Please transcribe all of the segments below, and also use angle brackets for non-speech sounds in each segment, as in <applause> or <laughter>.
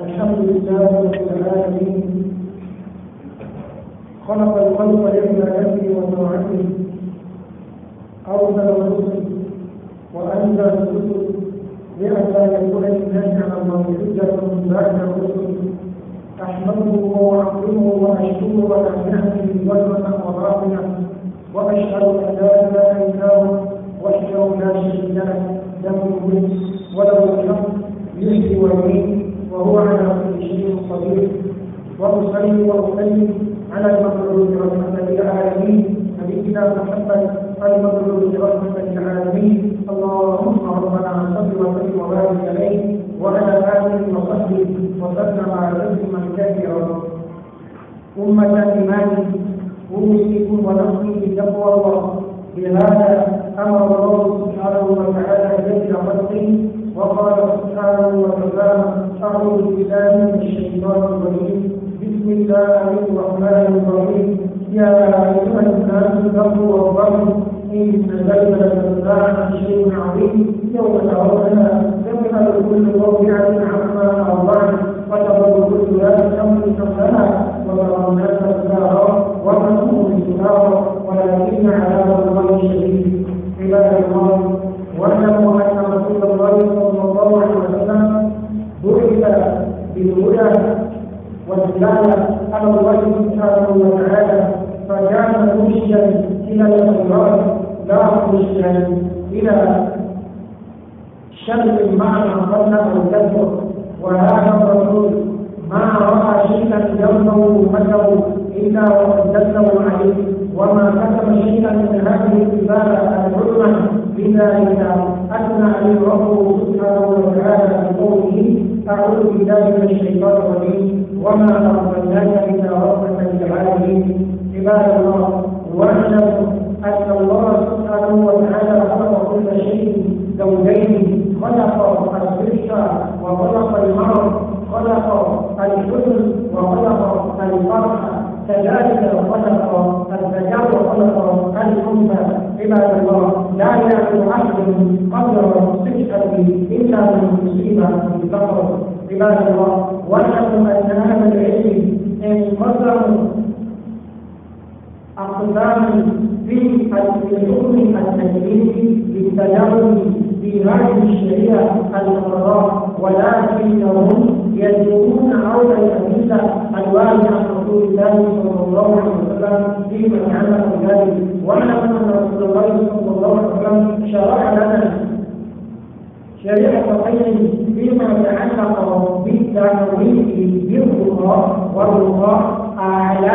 الحمد لله رب العالمين خلق الخلق لعبادته وطاعته أرسل الرسل وأنزل الرسل لئلا يكون للناس على الله حجة بعد الرسل أحمده وأعظمه وأشكره وأهنأه وزنا وراضيا وأشهد أن لا إله إلا هو ان لا شريك له له الملك وله الحمد يحيي ويميت وهو على كل شيء قدير واصلي واصلي على المخلوق برحمه العالمين نبينا محمد المخلوق برحمه العالمين اللهم ربنا صل وسلم وبارك عليه وعلى اله وصحبه وسلم تسليما كثيرا امه ايمان اوصيكم ونفسي بتقوى الله بهذا امر الله سبحانه وتعالى جل خلقه وقال سبحانه وتعالى أعوذ بالله من الشيطان الرجيم بسم الله الرحمن الرحيم يا أيها الناس اتقوا ربكم إن تبين الإنسان شيء عظيم يوم ترونها تذهب كل موضع عما أرضعت وتظل كل ذات أمر حملها وترى الناس سكارى وما هم ولكن عذاب الله شديد عباد الله بالهدى والدلالة على الله سبحانه وتعالى فكان مشيا إلى الأمراض لا مشيا إلى شر معنى قبل أن تذكر وهذا الرسول ما رأى شيئا يرفع أمته إلا وقد دله عليه وما كتب شيئا من هذه الرسالة العلمة بذلك أثنى عليه ربه سبحانه وتعالى بقوله أعوذ بالله من الشيطان الرجيم وما أرسلناك إلا رحمة للعالمين عباد الله واعلموا أن الله سبحانه وتعالى خلق كل شيء زوجين خلق الزوجة وخلق المرض خلق الحزن وخلق الفرح كذلك خلق الذكر وخلق الانثى عباد الله لا يعلم احد قدر صحته الا من اصيب بالفقر عباد الله واعلموا ان هذا العلم انقسموا اقدام في العلوم التجريبي للتدرب في هذه الشريعه القراء ولكنهم يدورون حول الأدلة الواردة عن رسول الله صلى الله عليه وسلم في من عمل ذلك واعلم أن رسول الله صلى الله عليه وسلم شرح لنا شريعة خير فيما تعلق بالتمويل بالرقاء والرضا على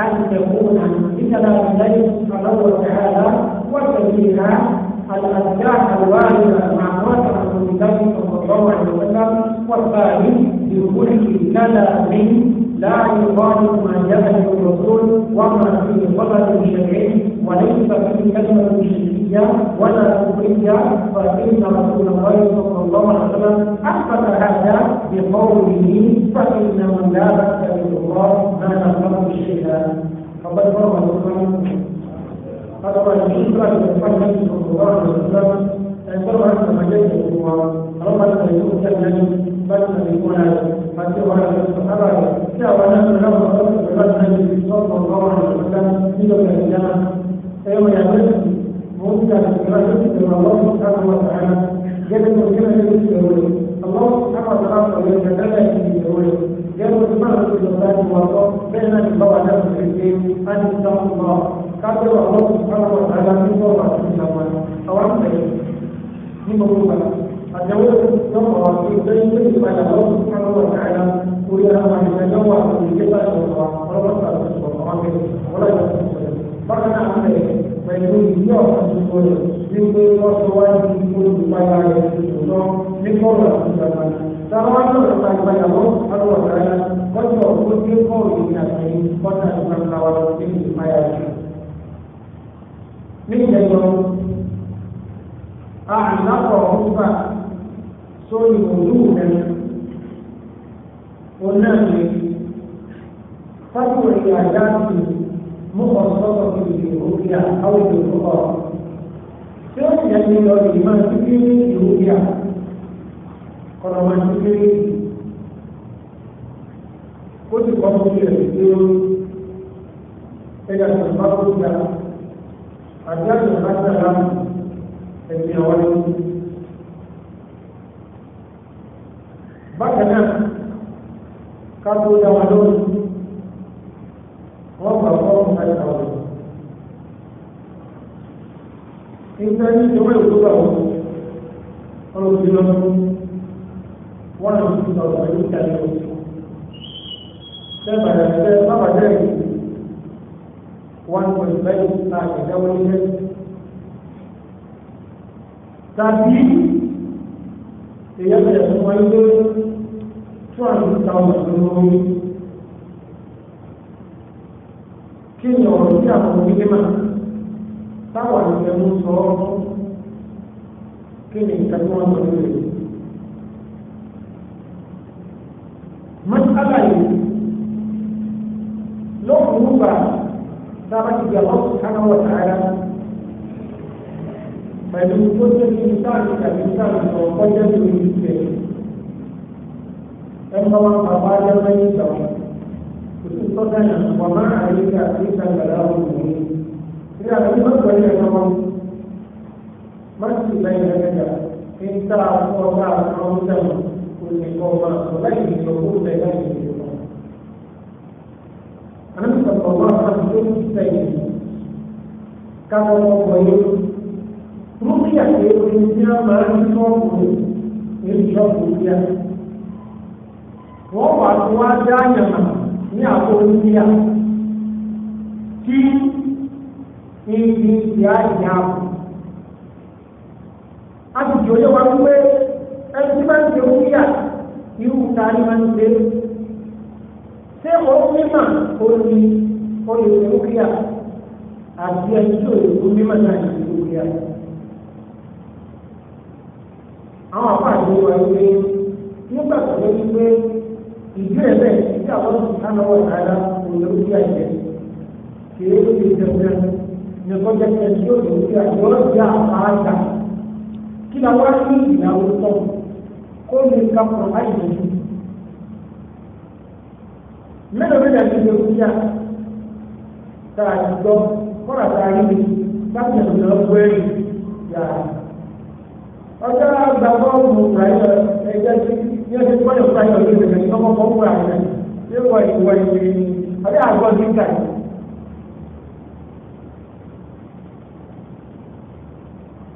أن تكون بسبب الله سبحانه وتعالى وتبيها الأذكار الواردة مع موافقة الله صلى الله عليه وسلم والثاني بكل كلام لا يقال ما يفعل الرسول وما فيه قدر شرعي وليس فيه كلمة شركية ولا كفرية فإن رسول الله صلى الله عليه وسلم أثبت هذا بقوله فإن من لا بأس الله ما نفهم الشرك فقد روى الإمام قد روى الإمام صلى الله عليه وسلم أن ترى أن مجده هو ربنا أن يؤتى النبي báyìí ní ìmúra rẹ̀ àti ọ̀rọ̀ rẹ̀ sọ̀tàrà rẹ̀ tí àwọn náà lọ́wọ́ lọ́wọ́ lọ́wọ́ lọ́wọ́ lọ́wọ́ lọ́wọ́ lọ́wọ́ nílò ìyá ẹ̀rọ ìyàgbẹ́ mọ̀ ní àtìkọ́lá tó ti dọ̀rọ̀ lọ́wọ́ sọ̀tàrà wà sàrà gẹ́gẹ́ tó kí lóye ti dọ̀rọ̀ rẹ̀ ọlọ́wọ́ sọ̀tàrà sọ̀rọ̀ sọ̀rọ̀ rẹ̀ gẹ́gẹ́ ti dọ̀rọ̀ rẹ̀ gẹ́gẹ́ tó bá lọ́wọ́ sọ̀tàrà ti wà lọ bẹ́ẹ̀ náà ní báwa náà ti rí pé a ti sọ ọmọ kájọ ọlọ́wọ́ sọ̀tàrà wà sàrà ní bọ́ọ̀ àti ìjàmbá àwọn àgbẹ̀ ní gbogbo àtẹwé lọ́kọ̀ àti lẹ́yìn tó ti padà lọ́wọ́ fúnra wọn àyà orí àwọn àyẹ̀fẹ́ lọ́wọ́ àti ìgbésà ìṣòro ọlọ́pàá àti ìṣòro àwọn ọlọ́pàá àti ìṣòro bákan náà ń bẹ̀rẹ̀ pẹ̀lú ìdí ọ̀sán tuntun rẹ̀ wípé wọ́n sọ wá ní olùpayà rẹ̀ ṣùgbọ́n ní kọ́ọ̀lù àti ìjọba. Táwọn wá sọ̀rọ̀ pa ìpayà lọ, àwọn ọ̀dà rẹ̀ wọ́n ti ọ̀pọ̀ tí ó lórí òwúrò rẹ̀ wọn náà lè fáwọn ìyá dáàbò mú ọ̀sọ́tọ̀ fi ìlú òkè àwọn ìlú ọ̀ tí ó sì yẹ kí lọ sí máa ti kí ní ìlú òkè ọ̀nà máa ti kí ní ó sì kọ́ fún ìrẹ̀ sí ẹ̀yà tó bá kó gbà àti àjọ láti àlámù ẹ̀mí àwọn ẹ̀mí. bákan náà ká tó dá wọn lórí wọ́n gbà fọ́ọ̀mù náà ìgbà wọn. nígbà tí ìjọba ìlú gbà wọn ọ̀rọ̀ òbí lọ wọn lọ sí ìgbà wọn ìlú ìtàlẹ́ wọn. sẹ́ẹ̀bà yẹn sẹ́ẹ̀ bàbá jẹ́ ìlú one point five náà ìdáwọlé jẹ́ tàbí èèyàn bẹ̀rẹ̀ fún wáyé pé two hundred thousand lówó kí ni ọ̀rọ̀ tí àwọn onímọ̀ táwọn àgbẹ̀mú sọ ọ́ kí ni ìtàkùn wọn sọ lórí rẹ̀. lọ́kùnrin gbà tábàtì bí àwọn kan wọ̀ sáárá pẹ̀lú tó ṣe ní sáàtì tàbí sáàtì lọ kọjá tó ní ìṣe ẹ máa wá bàbá ajá lẹ́yìn ìgbà wọn kò sí sọ́dá yẹn wọ́n máa rà yín ká sí ìtàgbàlá òkùnkùn yìí ní àbí má pẹ̀lú ẹ̀ lọ́wọ́ má sì lẹ́yìn ẹ̀ẹ́dà kí n tá a fọ́ ọ́ bá a fọ́ ọ́ sẹ́wọ̀n kò sì kọ́ máa sọ láì ní ìṣòkò rẹ̀ láì ní ìṣòkò. àná sọ̀rọ̀ wá fún mi tó ń sẹ́yìn ká lọ́wọ́ rúkìá pé omi tí wọ́n máa ń sọ́ọ̀bù ní ìjọba rúkìá wọ́n wà tí wọ́n á ní àpò rúkìá tí ibi ìyá ìyá àpò. a sì jòyè wípé ẹni tí wọ́n ń ṣe rúkìá irú ta ni wọ́n ń ṣe ṣé òun mímà òní olè rúkìá àti ẹni tí òun mímà náà ṣe rúkìá àwọn àpá àti ìwà ìwé nígbà tó lé wípé ìdí rẹ̀ bẹ́ẹ̀ tí àwọn ìsànlọ́wọ́ ìhàlá òyìnbó bí àjẹ kìí ó ti dẹ̀dẹ̀ ní kọjá tẹ tí ó lè fi àjọ ọjà àpáàjà kí la wá ní ìyàwó tọ̀ kó lè ka pọ̀ láì lójú. mélòó mélòó ti lè fi à tá a ti gbọ́ kọ́ra tá a rí mi bá tẹ̀lé lọ́gbẹ́rì yàrá ọjọ́ àgbàgbọ́ ọ̀gbọ̀n ìgbàlẹ̀ ẹgbẹ́ tí yóò ti gbọ́dọ̀ fún lórí ìgbàlẹ̀ tí wọ́n kọ́ fún àyọ̀ yóò wọ ìwọ ìwé ọjọ́ àgbọ̀ nígbà yìí.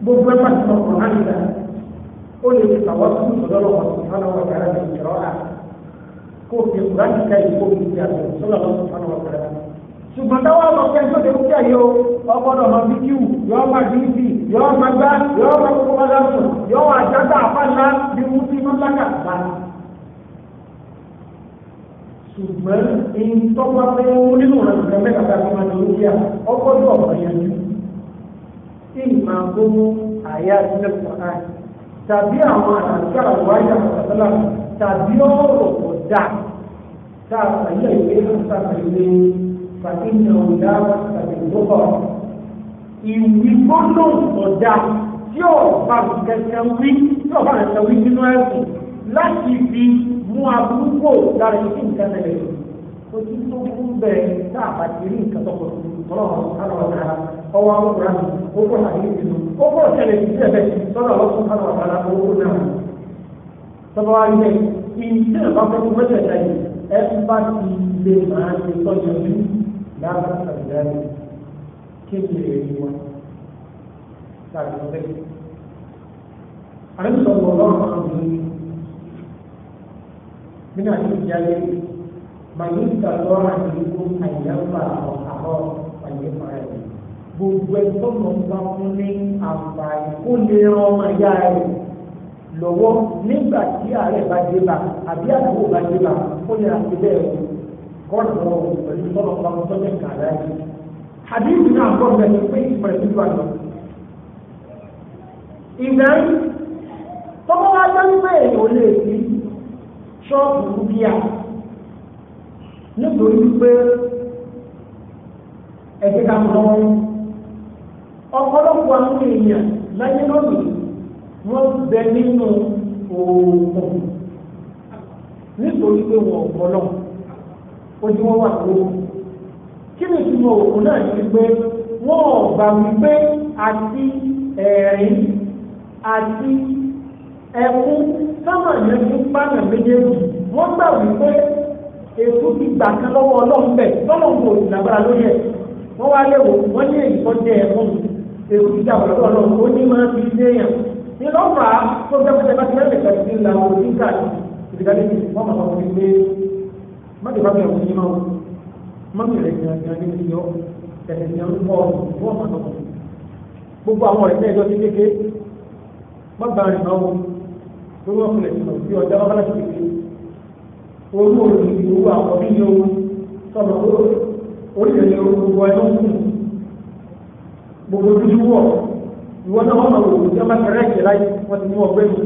gbogbo ẹ̀ pàṣẹ ọkọ̀ náà nígbà ó lè fi àwọn sùn sọ́dọ̀ ọ̀sùn fún àwọn ọ̀gá rẹ̀ ìjọ à kó o fi kúrá níka yìí kó o fi jà sọ́dọ̀ ọ̀sùn fún àwọn ọ̀gá rẹ̀ ṣùgbọ́n táwọn ọmọ kẹ́ńtọ́ yọọ ma gbá yọọ ma kókó ma lásùn yọọ wà jágbá àpáńlá bí wọ́n ti máa lákà gbá. ṣùgbọ́n ẹni tọ́gbà pé wọ́n nínú rẹ̀ nǹkan mẹ́ta tàbí máa ní oúnjẹ ọgọ́dọ̀ ọ̀pọ̀ yanjú. tí màá gbóhùn àyà sílẹ̀ kọ̀ọ̀nà tàbí àwọn àtàkì àwọn àyà àtàkàlà tàbí ọ̀rọ̀ ọ̀dà tá a fàyè ìwé àtàkàlẹ̀ fàtí ìnáwó dáhùn tàbí ìdókòwò ìwí gbọ́dọ̀ ọ̀dà tí ọ̀pá kẹsẹ̀ wí tí ọ̀pá kẹsẹ̀ wí nínú ẹ̀sùn láti fi mú abúgbò lára ìdí nǹkan tẹ̀lé o ti tó fún bẹ́ẹ̀ tá a bá ti rí nǹkan tó kọ̀ tọ́lọ̀ ọ̀sán ọ̀sán ọwọ́ akókòrò àmì ókò àdéhùn ìlú ókò ọ̀sẹ̀lẹ̀ ti tẹ̀lẹ̀ tọ́lọ̀ ọ̀sán ọ̀sán owó náà tọ́lọ̀ wá ilé ìdílé bá fẹ́ fún mẹ́tẹ̀ẹ̀ta yìí ẹ bá ti lè máa ṣe tọ́jú ìlú lábẹ́ àgbẹ̀dẹ́ kéwì ẹ̀yìn wa láti lọ bẹ́ẹ̀. àrẹ́sọ̀ lọ lọ́rùn àwọn obìnrin nínú àti ìjáde màyí ìgbàgbọ́ àti ikú àyẹ̀wò àwọn àbọ̀ àyẹ̀wò rẹ̀ gbogbo ẹgbẹ́ ọmọ bá fún ní àǹfààní kó lè ran ọmọ ìyá rẹ̀ lọ́wọ́ nígbà tí ààrẹ bá dé bá àbí àdúgbò bá dé bá ó yẹ àti bẹ́ẹ̀ kọ́ lọ́wọ́ pẹ̀lú tọ́lọ̀ pa ọmọ tọ́jú ìkàrà yìí. àdéhùn náà gbọ́ bẹ̀rẹ̀ pé ìpẹ̀rẹ̀ tó wà lọ. ìgbà yìí tọ́kọ́ wá jẹ́ wípé èèyàn lè fi ṣọ́ọ̀bù bíà nítorí wípé ẹ̀jẹ̀ ká lọ ọ̀pọ̀lọpọ̀ àwọn èèyàn láyé lónìí wọ́n bẹ nínú wọn kí ni ìtumọ̀ òkú náà ti pé wọ́n ò gbà wípé àti ẹ̀rín àti ẹkún sáwọn èèyàn ti ń bá yàn méjèèjì wọ́n gbà wípé èso ti gbà kan lọ́wọ́ ọlọ́run bẹ̀ lọ́lọ́run kò sì lágbára lórí ẹ̀ wọ́n wá léwo wọ́n ní èyí tó jẹ ẹkún èso ti gbà lọ́wọ́ ọlọ́run ó ní máa fi ilé yàn ní lọ́fà tó dẹ́kun bá ti lẹ́sẹ̀ pẹ̀lú ìlànà òdìkà ìdíkàlẹ́ ìfọ̀mọ̀sọ̀ fi gbé mọ́mí rẹ̀ gbìyànjú ní ti yọ ẹ̀sẹ̀ ní ọdún bọ́ọ̀ fún ọmọ náà gbogbo àwọn ẹ̀sẹ̀ ẹ̀jọ́ ti kéke mọ́gbà rìn náà tó wọ́n kulẹ̀ sọ̀rọ̀ sí ọjà wọn láti kéke olú olùdí owó àwọn bí yóò sọ̀rọ̀ orílẹ̀-èdè gbogbo ẹ̀yọ́ ń kùn gbogbo ojú wọ̀ ìwọ náà wọ́n máa wò ó jẹ́ máa kẹrẹ́ ìṣẹ̀lá yìí wọ́n ti mú ọgbẹ́ mi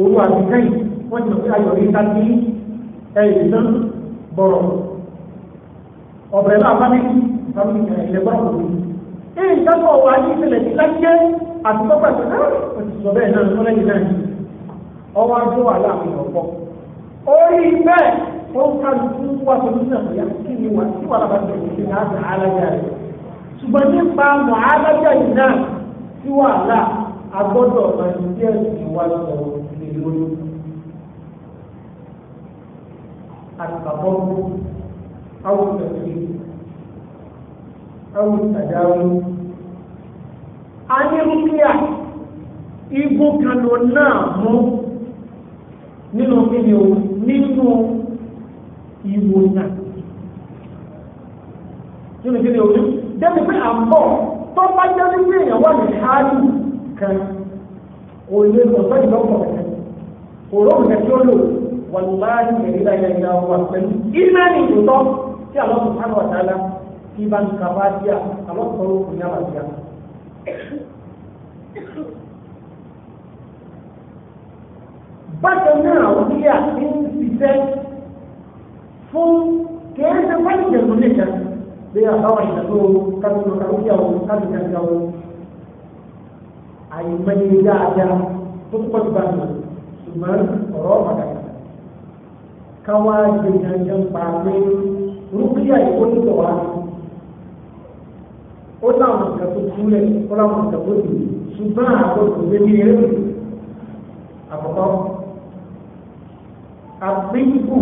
òru àti kẹ́yìn wọ́n ti mọ̀ pé ayọ̀ yìí ká ní ẹ̀yìn náà bọ̀rọ̀ ọ̀bẹ̀rẹ̀ náà fámìlì fámìlì ìlẹ̀gbọ́n kò ní. ẹ nǹkan kan wà ní ìṣẹ̀lẹ̀ tí láyé àtúntọ́pọ̀ ẹ̀sẹ̀ náà ó ti sọ bẹ́ẹ̀ náà lọ́lẹ́ yìí náà yìí ọwọ́ adó wà láàrin ọ̀pọ̀. orí bẹ́ẹ̀ ó ń kálu fún wa tó ní nàìjíríà kí ni wà sí wàhálà bá ti ṣe ní àgbà alájà rẹ̀. ṣùgbọ́n nípa mọ̀ alájà yìí náà sí wàhálà agbọ́dọ̀ máa ń jẹ́ ìwádìí ọ̀rọ̀ ìlú àtàbọ̀gbọ̀. أو التفريق أو التداوي ani rukia igun kan ló náà mú nínú kíni o nínú ìwòsàn nínú kíni o débi pé à ń bọ̀ tó bá jẹ́ wípé èèyàn wà ní ṣáájú kan ò lè lọ́sọ́ ìlọ́pọ̀ kẹ̀kẹ́ òróòrùn kẹ̀kẹ́ ó lò wà láàrin ìrírá ìyá tí àwọn sùnmọ́nà ọ̀tàlá tí bá ń ka bá díà àwọn sọ̀rọ̀ kò ní àwọn díà. bákan náà àwọn díà ń ṣiṣẹ́ fún kẹ́hẹ́sẹ̀ fáyì jẹ̀kọ́ nìkan bí àbáwọn ìdàgbò kájọ kájọ kájọ kájọ àyèmọ́ni dáadáa tó pọ̀ jù bá mi ṣùgbọ́n ọ̀rọ̀ ọ̀padà káwá jẹ̀yàn jẹun pàápẹ́ rúkìá ìwọ ní tọ̀wá ó láwọn nǹkan tó kúlẹ̀ ó láwọn nǹkan tó dùn ṣùgbọ́n àgbọ̀dọ̀ lé ní eré àkọ́kọ́ àgbéyìnbó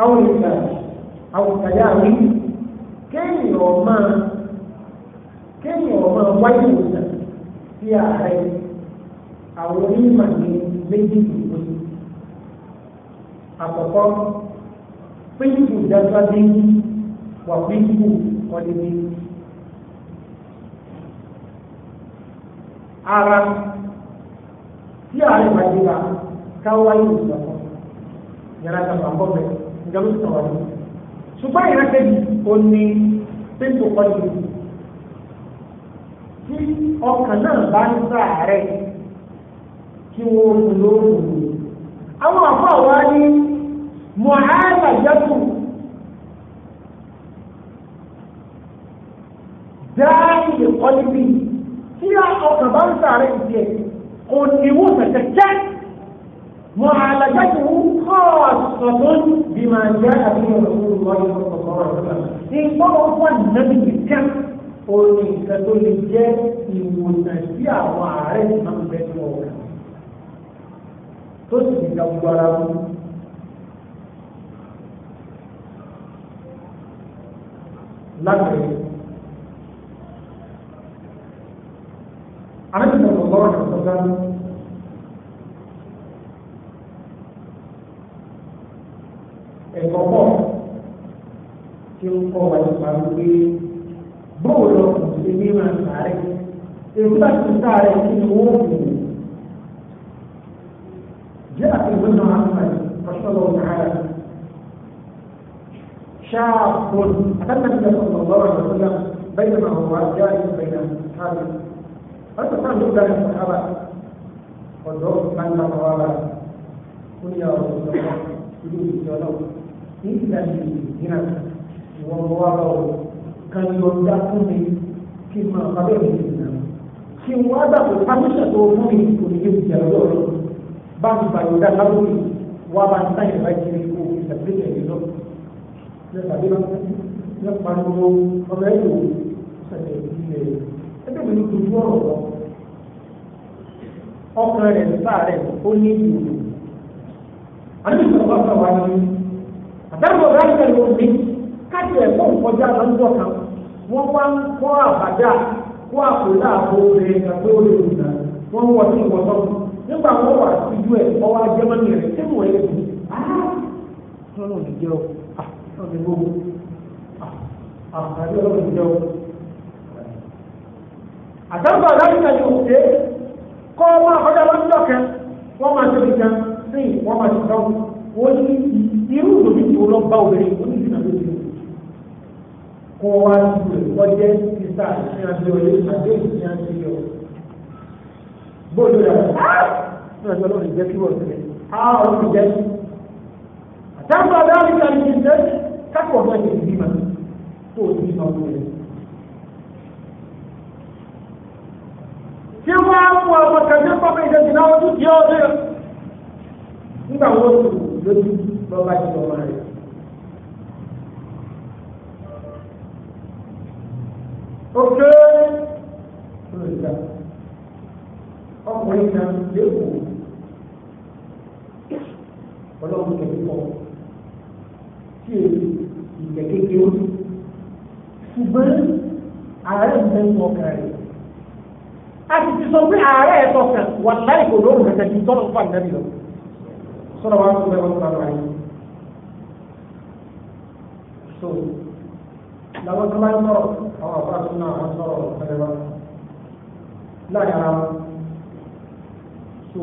àwọn ìgbà àwọn ìtàjà rí kéèyàn máa kéèyàn máa wáyé ìwòsàn sí ààrẹ àwọn onímọ̀ ní pínkù dásáde wà pínkù kọ́lébí. ara tí ààrẹ bá dé wa káwáyé ìgbàgbọ́ yàrá kan bá bọ́ bẹ́ẹ̀ nǹkan ló sọ̀rọ̀ yìí. ṣùgbọ́n ìrẹ́kẹ̀bì ò ní pínkù kọ́lébí tí ọkàn náà bá ń sàárẹ̀ kí wọ́n lóògùn. àwọn àfọ àwa ní. معالجة داعي قلبي فيها أقبال تعرفك قل نموت تكتك معالجته خاصة بما جاء به رسول الله صلى الله عليه وسلم إن هو النبي الكم قل كتل الجاء يمتشيع وعارف من بيت موكا تسجد ورمه lágbẹ̀ẹ́. Àrẹ́sìmọ̀ lọ́wọ́ àkàtọ́gá ẹ̀kọ́ pọ̀ tí ó kọ́ wa nípa wípé bóò lọ sí ní máa sáré. Èyí bá ti sáré kí ni ó fi جاء في ابن محمد رحمه الله تعالى شاب lára sàhábà ọ̀dọ́ kàńtà bàbá bá ó ní àwọn ọ̀dọ́ ìlú ìjọ náà ní ìlànà ìdíná ìwọ̀n wà lọ́wọ́ kan yọ dá fún mi kí n máa bá bẹ́ẹ̀ ní ìlànà kí n wá dàpọ̀ pàṣẹ tó fún mi kò ní yé ìjà lọ́wọ́ rẹ̀ bá mi bàyọ̀ dá lábọ́ mi wá bá ń táyà bá kiri kó ọkàn rẹ̀ nípa rẹ̀ ó ní ìlú. àdúgbò ọ̀gá wa ni àdáwọ̀ ọ̀gá ìṣẹ̀lẹ̀ omi káàdì ẹ̀kọ́ ìkọjá lọ́jọ́ kan wọ́n wá ń kọ́ àbàdà kó àpò láàbò rẹ̀ ìgbàgbé ó lè rìn náà wọ́n wọ sí ìwọ́sọ́ nígbà wọn wà síjú ẹ̀ ọwọ́ ajẹ́mọ́nì rẹ̀ tí wọ́n yẹ kù ah! ọlọ́run ti jẹ́ ọ ọ̀sẹ̀ gbogbo àtàrí ọlọ́run ti jẹ́ ọ. àtàbà láti ṣàlùkù kọ́ ọmọ àkọ́jà lọ́jọ́ kẹ wọ́n máa ṣe ìjà sí wọ́n máa ṣe dáwọ́ wọ́n ní irú ìdòmí tí wọ́n lọ bá obìnrin wọ́n ní ìdìnnà lójú kọ́ wá sí rẹ̀ wọ́n jẹ́ sísá ní abẹ́ọ̀lẹ́ àdéhùn ní abẹ́yọ̀ bóòlù rẹ̀ náà ṣe lọ́rùn ìjẹ́ kí wọ́n ṣe àwọn ọ̀rùn ìjẹ́ àtàkùn àdáhùn ìjà ní ìjẹ́ kákọ̀ọ́ náà ṣe ìbímọ tó o ti sọ fún mi. tí wọ́n á mú ọmọ ẹgbẹ́ pápá ìjọsìn náà ojú tí ó dé. nígbà wo ló lójú lọ́ba ti lọ́mọ rẹ̀. òkè olùdá ọkùnrin náà lẹ́kọ̀ọ́ ọlọ́run kẹ̀kẹ́ pọ̀ tí èyí ìkẹ̀kẹ́ kéwòn ṣùgbọ́n ààrẹ ń bẹ́ẹ̀ mọ̀ kárẹ̀ sọ pé ààrẹ ẹ̀tọ́ kan wà láì kò lóòrùn kẹ̀kẹ́ ju tọ́lọ̀ fún àgbẹ̀bí lọ sọ́dọ̀ wà fún ẹ̀wọ̀n tó lọ́wọ́ ayé so làwọn tó máa ń sọ̀rọ̀ àwọn àfúrà tó náà wọ́n sọ̀rọ̀ ọ̀fẹ́ wa láàrin ara wọn so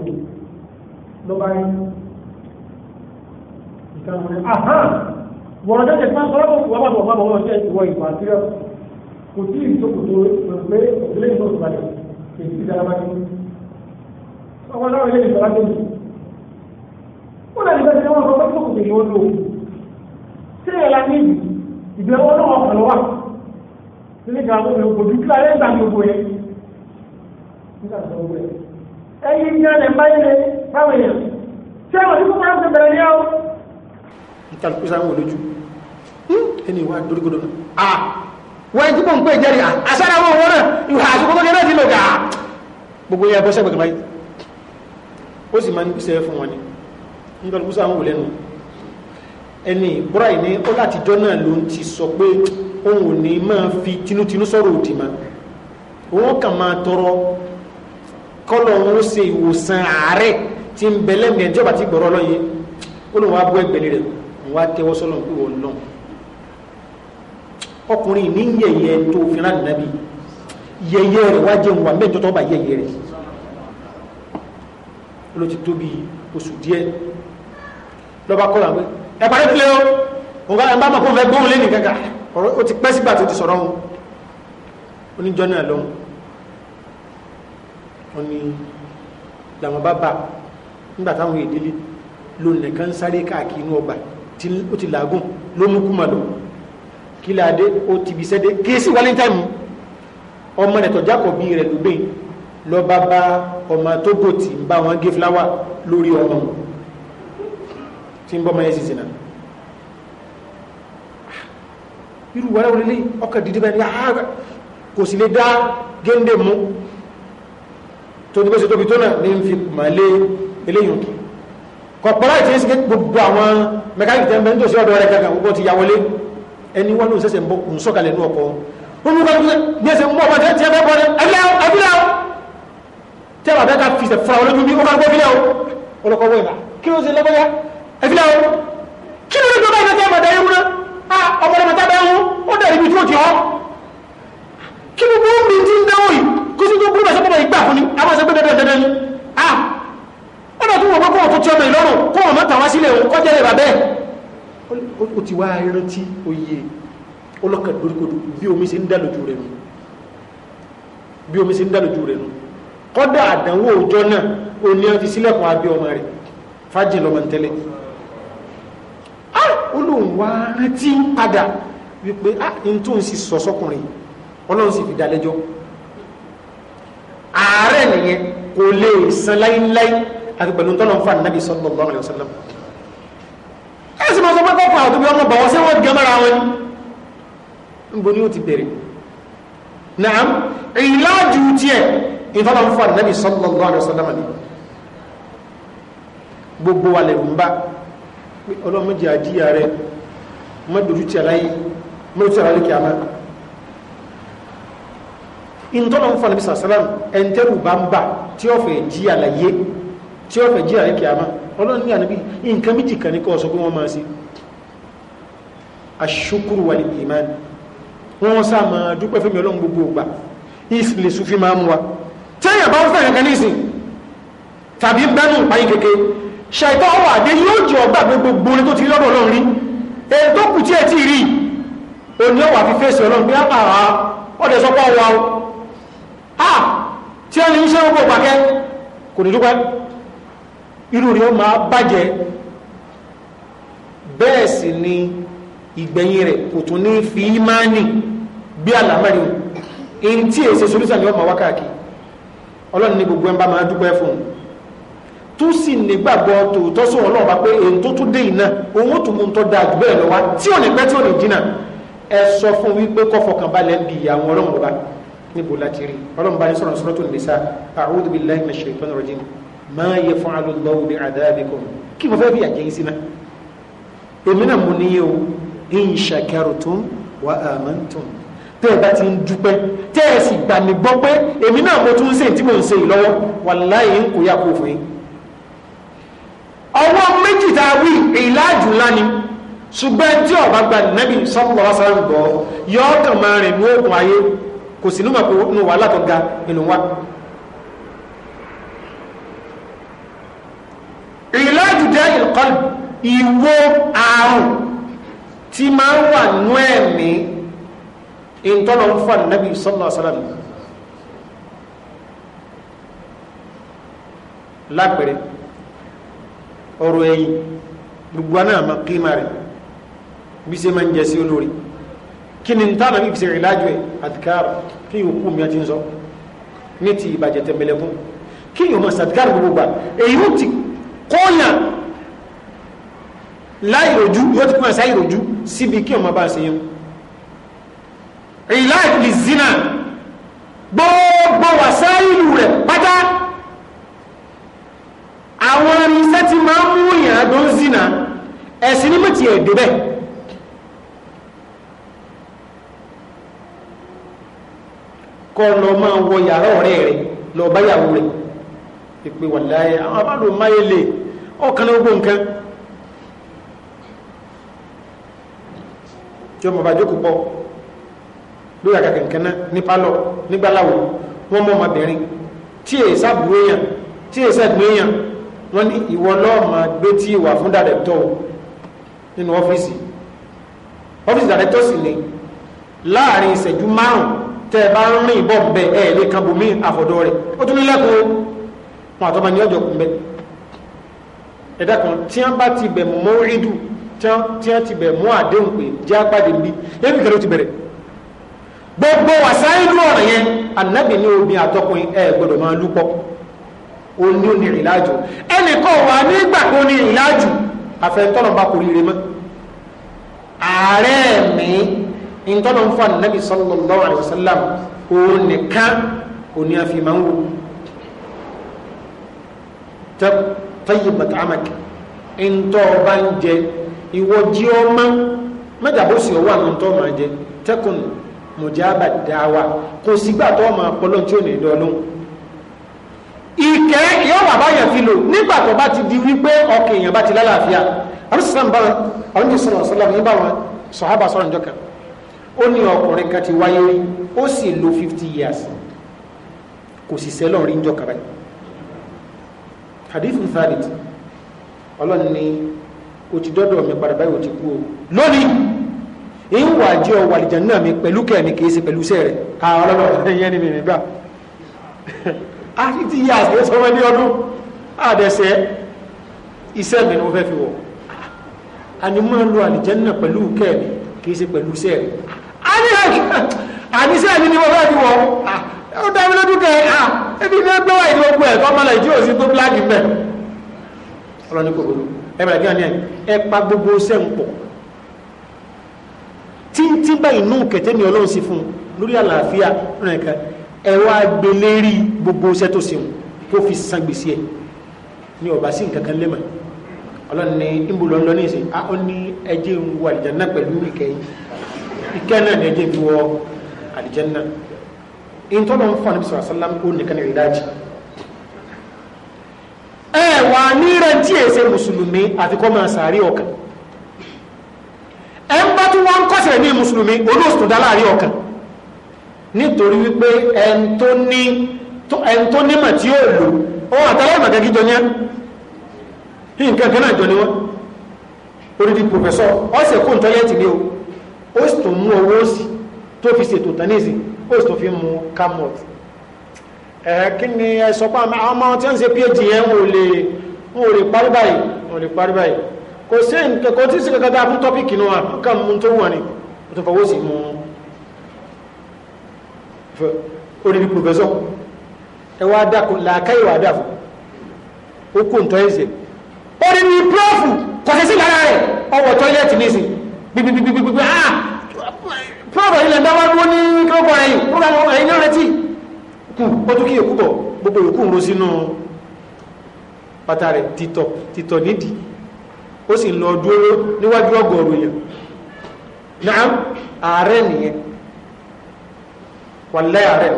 ló bá rí ìkànnì wọn ni ahán wọ́n ọjọ́ ìjẹ́ fún sọ́lọ́bù wọ́n bá bọ̀ wọ́n bọ̀ wọ́n ṣe ìwọ ìgbà sílẹ̀ kò sí ìṣòkòtò pé òṣèlú ìṣòkòtò balẹ̀ èyí dára ní ọmọ náà ilé ìgbàlá tó ní ó lè gbé tí wọ́n sọ pé kòkòrò yóò lò sí ẹ̀la ní ìgbẹ́ wọn náà ọ̀pọ̀ lọ́wọ́ nílé ìgbà tó ní òkòjú kí alẹ́ ìgbà gbogbo yẹn nígbà tó gbogbo yẹn ẹyin ní alẹ́ báyìí lé báwọn èèyàn tí àwọn tí kò máa ń ṣe bẹ̀rẹ̀ ní ọ́ ìtàlùkù sáwọn olójú ẹni ìwà dorígodò náà ah! wọ́n tí kò ń pè jẹ́rì àṣára wọn wọ́n náà ìhà àṣùkò tó náà ti lò gà gbogbo ya bọ́sẹ̀ pẹ̀lú báyìí ó sì máa ń gbísẹ́ fún wọn ni ń tọ́lú gbúsọ àwọn òlẹ́nu ẹni búra ìní ó láti jọ náà ló ti sọ pé òun ò ní máa fi tinútinú sọ̀rọ̀ òdì ma òun kàn máa tọrọ kọ́lọ̀ òun ó ṣe ìwòsàn àárẹ̀ tí ń bẹ̀lẹ́mìí ẹjọ́ bá ti gbọ̀rọ̀ ó lóun wá bọ́ ẹgbẹ̀lẹ́ rẹ̀ òun wá tẹ́wọ́ sọ́lọ́ pé wọ́n lọ́hùn ọkùnrin ní yẹ̀yẹ́ tó fi rán nàbí yẹ̀yẹ́ rẹ̀ wá jẹun wà mẹ́jọ tó bá yẹ̀yẹ́ rẹ̀ ló ti tóbi oṣù díẹ̀ lọ́ba kọ́lá pé ẹ̀pà rẹ̀ tilẹ̀ o òun ká bá mọ̀kún fẹ́ gbóhùn lé nìkan ká ọ̀rọ̀ ó ti pẹ́ sígbà tó ti sọ̀rọ̀ wọn oníjọ́ náà lọ́hùn ni làwọn bá bá nígbà táwọn èdè lónìí kan sáré káàkiri inú ọgbà ó ti làágùn ló mú kú mà kílàdé ó ti bí sẹ́dé kí sí valentine ọmọ rẹ̀ tọ́jákọ̀ bí rẹ̀ ló gbìn lọ bá bá ọmọ tó gò tí ń bá wọn gé fúláwà lórí ọmọ tí ń bọ́ mọ́yẹ́ sísìn náà irú wọ́n wọlé lé ọkọ̀ dídí bá ní àárá kò sì lè dá géńdé mú tó ní bẹ́sẹ̀ tóbi tó náà ní fi màálé eléyìn kì kọ̀pọ̀lá ìtìyẹ́sì gbogbo àwọn mẹkáníkì tẹ́ńbẹ́ ń tòsí ọ̀dọ̀ rẹ̀ kankan gbogbo ti yà wọlé ẹni wọ́n ló sẹ́sẹ̀ ń sọ́kalẹ̀ ní ọkọ̀ wọn mú kọ́kọ́ ní ẹsẹ̀ mú ọmọdé tí ẹ bẹ́ bọ́ọ̀lẹ́ ẹbílẹ̀ o ẹbílẹ̀ o tí a bá bẹ́ẹ̀ ká fi ṣe fura olójú bí ó kọ́kọ́ bílẹ̀ o olùkọ́ wọ̀ ìgbà kí ló ṣe lọ́gbọ́yà ẹbílẹ̀ o kí ló ló bá ìgbà tí a mọ̀dá ewu náà ọmọdé mọ̀tá bẹ́ẹ̀ wú ó dẹ̀rẹ̀ ibi tí ó ti họ́ kí ló bó mi ti ń dáwọ̀ yìí kó sì tó burú bàṣẹ́ ah ó dà tó wọ̀ pé kó ọmọ ìlọrùn kó wọ́n mọ̀ta bẹ́ẹ̀ O ti wá rántí oyè ọlọ́kà doríkodò bí omi ṣe ń dá lójú rẹ̀ nù bí omi ṣe ń dá lójú rẹ̀ nù kọ́dà àdánwò òjọ́ náà ó ní ọ́n fi sílẹ̀kùn abẹ́ ọmọ rẹ̀ fájì lọ́mọ tẹ́lẹ̀ olóhùn wá rántí padà wípé ah n tó ń sì sọ sọkùnrin ọlọ́run sì fi dá lẹ́jọ́ ààrẹ nìyẹn kò lè san láíláí àti pẹ̀lú tọ́lọ́ ẹ sì máa sọ pé kọ́kọ́ àwọn tóbi ọmọ bọ̀wọ́ sí wọ́n gẹ́mọ́ra wọn ni níbo ni ó ti bẹ̀rẹ̀ náà ìlàjù tiẹ̀ wa lẹ̀rù ń bá pé ọlọ́mọdé àjíyà rẹ̀ mọ́dòdú tí aláyé mọ́dòdú tí aláyé kìá máa ìtọ́nà ń fọ ànábì sallallahu alaihi wasallam ẹ̀ńtẹ́rù bá ń bà tí ó fẹ́ jí àlàyé tí ó fẹ́ jí àlàyé kìá ọlọ́run ní ànábì nǹkan méjì kan ní kọ́ sọ pé wọ́n máa ṣe aṣukuru wal iman wọ́n sá máa dúpẹ́ fẹ́mi ọlọ́run gbogbo ògbà ìsìlẹ̀ sufi máa mú wa tẹ́yìn bá ń fẹ́ kankan nísìn tàbí bẹ́nu ìpáyín keke ṣàìtọ́ ọwọ́ àdé yóò jẹ́ ọgbà gbogbo orin tó ti lọ́dọ̀ ọlọ́run rí èyí tó kù tí ẹ ti rí òní ọwọ́ àfi fèsì ọlọ́run pé o tí ẹni iṣẹ́ gbogbo pàkẹ́ kò ní dúpẹ́ irú rẹ̀ máa bàjẹ́ bẹ́ẹ̀ sì ni ìgbẹ̀yìn rẹ̀ kò tún ní fi ìmáàní bí àlámẹ́rí in tí èsè solúsà ni ọmọ wákàkì ọlọ́run ní gbogbo ẹmbá máa dúpẹ́ fún un tó sì nígbàgbọ́ tòótọ́ sí ọlọ́run bá pé èyí tó tún dé ìná owó tó mú tó da jù bẹ́ẹ̀ lọ wá tí ò ní pẹ́ tí ò ní jìnnà ẹ sọ fún wípé kọfọkànbalẹ̀ bí àwọn ọlọ́run ọba níbo láti rí ọlọ́run bá ní sọ̀rọ̀ sọ́rọ́ tó ní sá a'udhu billahi minash shaitanir rajim ma yaf'alu Allahu bi'adhabikum kí mo fẹ́ bí àjẹyìn sí náà èmi náà mo níyẹ o in shakartum wa amantum tẹ́ ẹ bá ti ń dúpẹ́ tẹ́ ẹ sì gbà mí gbọ́ pé èmi náà mo tún ń ṣe tí mo ń ṣe yìí lọ́wọ́ wallahi ń kó yá kó fún ọwọ́ méjì tá a wí ìlàjù ńlá ṣùgbọ́n tí ọba gba nẹ́bí sallallahu alaihi wasallam yọ ọ́ kàn máa rìn ní ayé kò sí nínú wàhálà tó ga ìlú wa. kọlù ìwó àrùn tí máa ń wà nú ẹ̀mí ìtọ́nà ń fà nàbí sallallahu alaihi wasallam lápẹ̀rẹ̀ ọ̀rọ̀ ẹ̀yìn gbogbo náà ma kíma rẹ̀ bí se ma ń jẹ sí olórí kí ni tánà bí fìsẹ̀ ìlájú ẹ̀ àdìkáàrù kí yóò kú mi àti ń sọ ní ti ìbàjẹ́ kí yóò ma sàdìkáàrù gbogbo gbà èyí ó ti kóyàn láìròjú yóò ti pín ìròjú síbi kí ọmọ bá ṣe yán ìláìpì zina gbogbo wàsá rẹ̀ pátá àwọn irinṣẹ́ ti máa mú ìyàn àdó ń zina ẹ̀sìn ní mọ̀tì ẹ̀dọ́ kọ́ lọ máa wọ yàrá ọ̀rẹ́ rẹ̀ lọ báyàwó rẹ̀ ìpè wà láyé àwọn lè nǹkan tí ọmọ bá jókòó pọ̀ lórí àga kẹ̀kẹ́ náà ní pálọ̀ nígbàláwo wọ́n mọ ọmọbìnrin tí èyí sábúrò èèyàn tí èyí sẹ́gbọ̀n èèyàn wọ́n ní ìwọ lọ́ọ̀mà gbé tí ìwà fún dàrẹ́tọ̀ nínú ọ́fíìsì ọ́fíìsì dàrẹ́tọ̀ sì ni láàrin ìṣẹ́jú márùn tẹ́ ẹ bá ń rìn ìbọn bẹ ẹ kan bùnmí àfọ̀dọ́ rẹ̀ ó tún nílẹ̀kùn wọn tí wọ́n ti bẹ̀ mú àdéhùn pé jẹ́ àpàdé ń bí ebi kẹrẹ ti bẹ̀rẹ̀ gbogbo wàsáìlú ọ̀rọ̀ yẹn ànábì ní obìnrin àtọkùnrin ẹ gbọdọ̀ máa lúpọ̀ ó ní òní ìrìnlájò ẹnìkan wà nígbà tó ní ìrìnlájò àfẹnutọ́nà bá kò rire mọ́ ààrẹ mi ìtọ́nà ń fà nàbì sallallahu alaihi wasallam òun nìkan òní àfi máa ń wò tẹ́yìn bàtà àmàkì ìtọ́ ọba ń jẹ ìwọ jí ọmọ mẹ́tàbọ́sì ọwọ́ àwọn tó máa jẹ tẹ́kùn mọ̀jábà dáwà kò sígbà tó máa pọlọ́ tí ò ní dọ́lọ́ ìkẹ́ yóò wà báyàn fi lò nígbà tó bá ti di wípé ọkàn èèyàn bá ti lálàáfíà arúsùsàn bá ọ̀run ti sọ̀rọ̀ sọ́lá ní báwọn sọ̀hábà sọ̀rọ̀ ìjọ kan ó ní ọkùnrin kan ti wáyé rí ó sì lo fifty years kò sì sẹ́lọ̀ rí ìjọ kan báyìí hadith thabit ọlọ́ni o ti dọ́dọ̀ mi padà báyìí o ti kú o lónìí èyí wà jẹ́ ọ wàlìjà náà mi pẹ̀lú kẹ́mi kì í ṣe pẹ̀lú sẹ́ẹ̀ rẹ̀ àwọn ọlọ́dọ̀ ẹ̀yẹ́ ni mi mi gbà á <laughs> sì ti yí àṣẹ sọmọ ní ọdún àdẹ̀sẹ̀ iṣẹ́ mi ni mo fẹ́ fi wọ̀ àní máa lo àlìjà náà pẹ̀lú kẹ́mi kì í ṣe pẹ̀lú sẹ́ẹ̀ rẹ̀ àníṣẹ́ <laughs> ni mo fẹ́ fi wọ̀ ó dá mi lójú kẹ́ ah ebi fẹ́ gbọ́wọ́ ìlú ogun ẹ̀ kọ́ mọ́lá ìdí òsì tó bíláàgì bẹ̀ ọlọ́ni kò gbọ́dọ̀ ẹ̀bẹ̀rẹ̀ bí wọ́n ní ẹ̀ ẹ̀pa gbogbo sẹ́ǹ pọ̀ títí báyìí nù kẹ̀tẹ́ mi ọlọ́run sí fún lórí àlàáfíà nìkan ẹ̀ wá gbélé rí gbogbo sẹ́ tó sẹ́wọ̀n kó fi san gbèsè ẹ̀ ní ọ̀bá sí nǹkan kan lé mọ̀ ọlọ́run ní ìbùlọ̀ ńlọ ní ìsìn á ó ní ẹjẹ́ ń wọ àlìjánná pẹ̀lú ìkẹ́ ìkẹ́ náà ní ẹjẹ́ ń wọ àlìjánná ìtọ́nà ń fọ́ àníbísọ̀ àsálàm ó nìkan ìrìndájì ẹ wà ní rántí èsè mùsùlùmí àti kọ́ máa sàárì ọkàn ẹ ń bá tí wọ́n ń kọ́sẹ̀ ní mùsùlùmí olóòsùn dá láàrin ọkàn nítorí wípé ẹn tó ní ẹn tó nímọ̀ tí ó lò ohun àtàlẹ́mọ̀ kẹ́kí jọ ní nǹkan kan náà jọ ní wọ́n orídi pòfẹ́sọ́ ọ̀sẹ̀ kó ń tọ́lẹ́tì ní o ó sì tó mú owó sí tó fi ṣètò tánìsì ó sì tó fi mú kámọ́ọ̀tì kí ni ẹ sọ pé àwọn ọmọ tí wọ́n ń ṣe phd yẹn wò lè wò lè parí báyìí wò lè parí báyìí kò sí kò tí sí kankan tá a fún tọ́pìkì náà kà mú tó wà ní mo tó fọwọ́ sí mú orí professor ẹ wá dákun làákàyè wà dáfù ó kò ń tọ́ ẹ̀sẹ̀ orí ni prọ́fù kò sí sí lára rẹ̀ ọwọ́ tọ́lẹ̀tì ah! ní ìsìn ah prọ́fù ilẹ̀ dáwọ́ ní kílókọ̀ ẹ̀yìn prọ́fù kù ó tún kíyè púpọ̀ gbogbo yòókù ń ro sínú bàtà rẹ̀ títọ̀ títọ̀ nídìí ó sì lọ dúró níwájú ọgọ́rùn èèyàn náà ààrẹ nìyẹn wà lẹ́ ààrẹ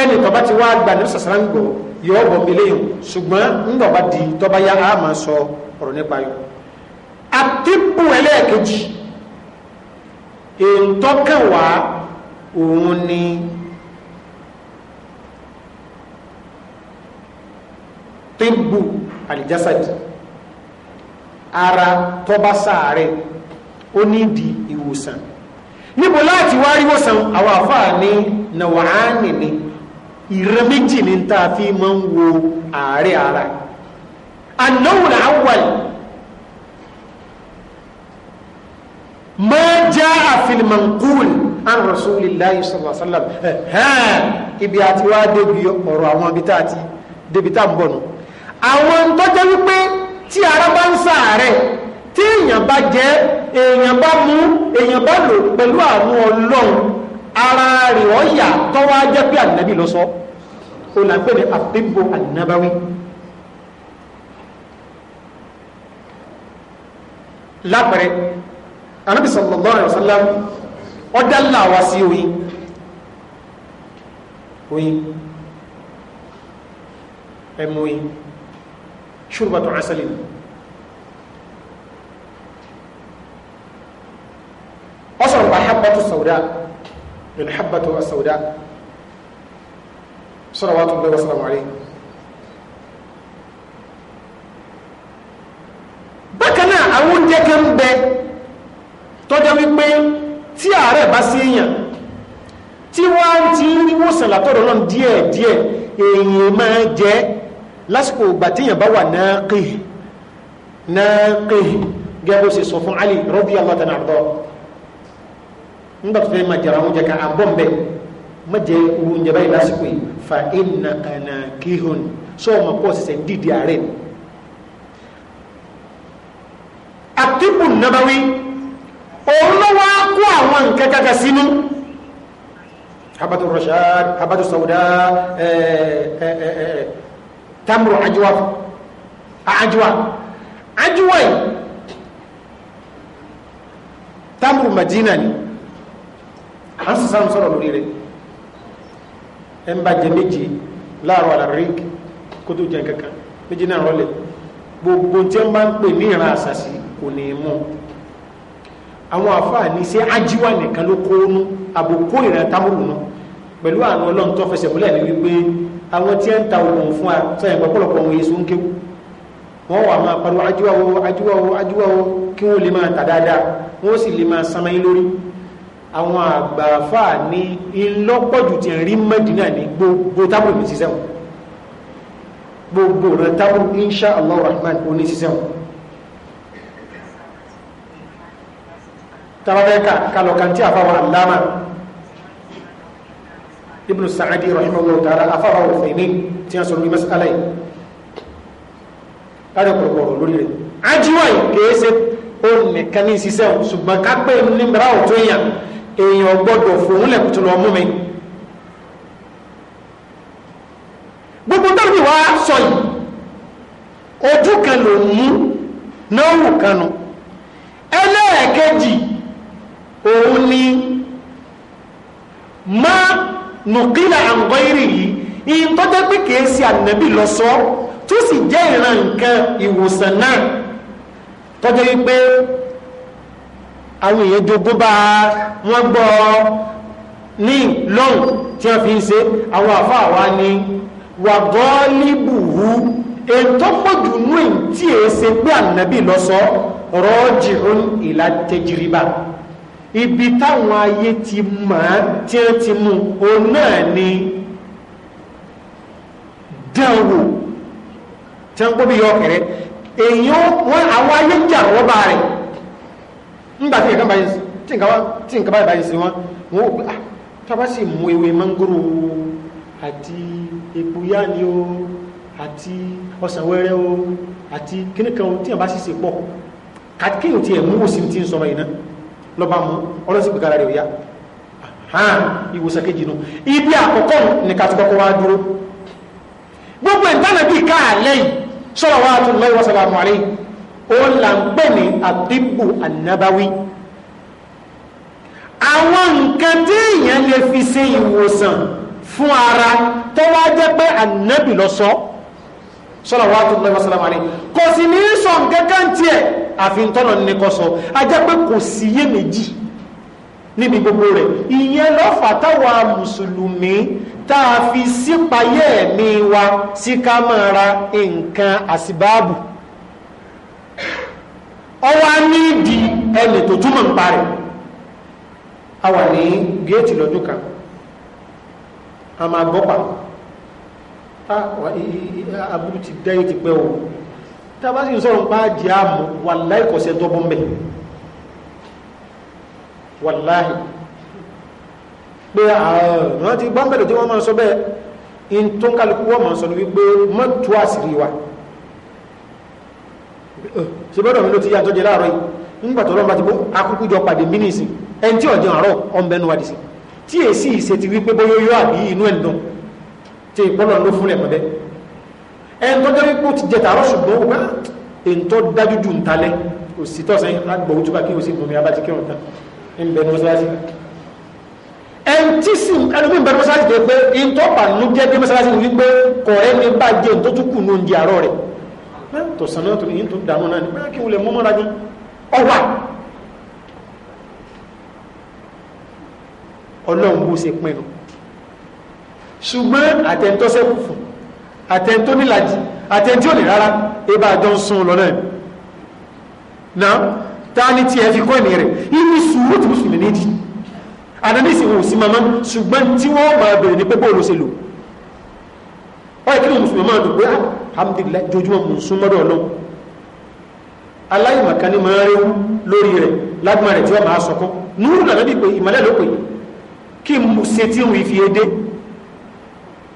ẹni tọba ti wá gbà ní sàsàrà ń gbọ́ yóò bọ̀ mi léyìn ṣùgbọ́n ńgbọ̀ba di tọba ya máa sọ ọ̀rọ̀ nípa yìí àtìpù ẹlẹ́ẹ̀kejì èntọ́kẹ̀wàá òun ni tibbu alijasad ara tọ́ba sáàrẹ̀ ó nídìí ìwòsàn níbo láti wá rí wòsàn àwọn àfáà ní nàwàánì ni ìrẹ méjì ní tá fi máa ń wo ààrẹ ara anáwùn àwọn máa já àfihàn mọ̀kúrì an rasulillahi sallallahu alaihi wasallam eh, eh, ibi àti wá débi ọ̀rọ̀ àwọn ibi tá a ti débi tá a ń bọ̀ nù. àwọn tó jẹ́ wípé tí ara bá ń ṣàárẹ̀ tí èèyàn bá jẹ́ èèyàn bá mú èèyàn bá lò pẹ̀lú àánú ọlọ́run ara rẹ̀ ọ̀yà tó wá jẹ́ pé ànábì lọ sọ ó là ń pè ní àfihàn ànábáwí. lápẹ̀rẹ̀ anábì sallallahu alaihi wasallam ọdá ńlá wá sí oyin oyin ẹmọ oyin ṣùgbọ́tọ̀ ẹsẹ̀lẹ̀ ọsọ̀rọ̀ bá habbatu sauda lil habbatu sauda salawatu bẹ́ẹ̀ wasu lamari bákanáà àwọn oúnjẹ kan bẹ tọ́jọ́ wípé tí ààrẹ bá sí èèyàn tí wọ́n ti ń wòsàn látọ̀rọ̀ lọ́n díẹ̀ díẹ̀ èèyàn máa jẹ́ lásìkò ìgbà téèyàn bá wà náà kéè náà kéè gẹ́gbó sì sọ fún Ali radiyallahu ta'ala anhu nígbà tó fẹ́ máa jẹ̀rọ àwọn jẹ́ka àbọ̀m̀bẹ̀ òun ló wá kó àwọn nǹkan kankan sínú habatu rashad habatu sauda eh, eh, eh, tamru ajuwa ah, ajuwa ajuwa yìí madina ni a sì sáà sọ̀rọ̀ lórí rẹ̀ ẹ̀ ń bàjẹ́ méje láàárọ̀ àlàríkì kó tó jẹ kankan méjì náà rọlẹ̀ gbogbo tí wọ́n bá ń pè ní ìran àṣàṣì kò ní mú àwọn àfáà ní sẹ́ ajíwá nìkan ló kó nú àbòkó ìran támúrù nú pẹ̀lú àwọn ọlọ́run tó fẹsẹ̀ múlẹ̀ ní wípé àwọn tí ń ta oògùn fún àtọ́yìn pọ̀pọ̀lọpọ̀ wọn yéṣu ń kéwú wọ́n wà máa pariwo ajíwá wo ajíwá wo ajíwá wo kí wọ́n lè máa tà dáadáa wọ́n sì lè máa sanmáyé lórí àwọn àgbà àfáà ní ìlọ́pọ̀jù ti rí mẹ́dínà ní gbogbo tábùrù ní sísẹ́wọ̀n gbogbo rẹ̀ tábùrù insha Allah rahman oní sísẹ́wọ̀n tàbátẹ́kà kalọ̀kàntí àfáwà aláma ibn sa'adi rahimahullah ta'ala afáwà òfèmí tí a sọ̀rọ̀ ibas alai láti ọ̀pọ̀lọpọ̀ lórí rẹ̀ ajíwáì kèése ó nìkan ní ṣiṣẹ́ ṣùgbọ́n kápẹ́ ní mìíràn tó èèyàn èèyàn gbọ́dọ̀ fòun lẹ̀kùtù lọ mú mi gbogbo tẹ́lẹ̀ wá sọ yìí ojú kan ló mú náà wù kanu ẹlẹ́ẹ̀kejì òun ni má nùkílà àǹgọ́ìrì yìí in tó jẹ́ pé kìí sí ànàbí lọ sọ tó sì jẹ́ ìran nǹkan ìwòsàn náà tó jẹ́ wípé àwọn èèyàn jogún bá wọ́n gbọ́ ní lọ́hùn tí wọ́n fi ń ṣe àwọn àfáà wa ni wàgọ́ọ́líbùhù ètò pọ̀jù nù tí èé ṣe pé ànàbí lọ sọ rọ́ọ̀jì ìlà tẹjìrìbà ibi táwọn ayé ti mọ̀ ọ́ tí ó ti mú òun náà ni dẹ́wò tí wọ́n gbóbi yọ kẹrẹ èyí wọ́n àwọn ayé ń jà lọ́wọ́ bá rẹ̀ nígbà tí nǹkan báyìí tí nǹkan báyìí báyìí sí wọn wọn ò gbé ah tí wọ́n bá sì mú ewé mángòrò àti epo yá o àti ọsàn o àti kíníkan tí wọ́n bá sì ṣe pọ̀ kí ni ti ẹ̀ mú òsì tí ń sọ báyìí náà lọ́ba mú ọlọ́sìn gbẹ̀gàrà rẹ̀ yá hàn ìwòsàn kejì ibi àkọ́kọ́ ní ká ti kọ́kọ́ wá dúró gbogbo ìtànà bíi káàlẹ́ yìí sọ̀rọ̀ wa tún lọ́wọ́ sàlámù àlẹ́ òun là ń pè ní àdìbò salawatullahi wa salamu alayhi kò sì ní sọ nǹkankan tiẹ̀ àfihàn tọ́nà ní kò sọ ajá pé kò sí yé méjì níbi gbogbo rẹ̀ ìyẹn lọ́fà táwa mùsùlùmí tá a fi sípayẹ́ ẹ̀mí wa sí ká máa ra nǹkan àsìbáàbù ọwá nídìí ẹni tó túmọ̀ ń parẹ́ a wà ní géètì lọ́dún kan a máa gbọ́pàá aburú ti dẹ́yìn ti pẹ́ o tábà sì ń sọ̀rọ̀ bá di àmú wàláì kò sẹ́ tọ́bọ̀ mẹ́ wàláì pé àwọn ti gbọ́nbẹ̀lẹ̀ tí wọ́n máa sọ bẹ́ẹ̀ in tó ń kálukú wọ́n máa sọ ní wípé mọ́tò àṣírí wa ṣe bọ́dọ̀ mi ló ti yá tọ́jẹ́ láàárọ̀ yìí nígbà tó lọ́nà bá ti bó akúkú jọ pàdé mínísì ẹni tí ọ̀jọ̀ àárọ̀ ọmọ ẹnu wa dì sí tí èsì ìṣe ti wípé bóyá àbí inú ẹ̀ dùn tí ìpọ́lọ̀ ló fúnlẹ̀ pẹ̀bẹ́ ẹn tó jẹ́ wípé ti jẹta àrọ́ ṣùgbọ́n ògbà èyí tó dájú jù ń talẹ́ kò sí kí o sì gbọmí abájí kírun tán ń bẹ ní mọ́sálásí ẹn tí sì ẹnu bí ń bẹ ní mọ́sálásí tó pé èyí tó bà ló jẹ́ bí mọ́sálásí ní wípé kọ̀ ẹ́ ní bá jẹ́ tó tún kù ní oúnjẹ àárọ̀ rẹ̀ tó sàn náà tó ní tó ọlọ́run bó ṣe pinnu ṣùgbọ́n àtẹ̀ntọ́sẹ́kù fún àtẹ̀ntó nílàjì àtẹ̀ntí ò ní rárá ebá àjọ ń sun lọ́nà náà ta ni tí ẹ fi kọ́ ẹ̀mí rẹ̀ inú sùúrù tí mùsùlùmí ní di àdánísì wọn ò sí mamá ṣùgbọ́n tí wọ́n máa bèrè ní pépé olóṣèlú báyìí kí ni mùsùlùmí máa dùn pé ah, alhamdulillah jojúmọ́ mò ń sún mọ́dọ̀ ọlọ́run aláìmọ̀kan ni máa réwú lórí rẹ̀ lágbọ́n rẹ̀ tí wọ́n máa sọkọ́ núrù nàbẹ́bí pé ìmọ̀lẹ́ ló pè kí mo ṣe tí òun fi edé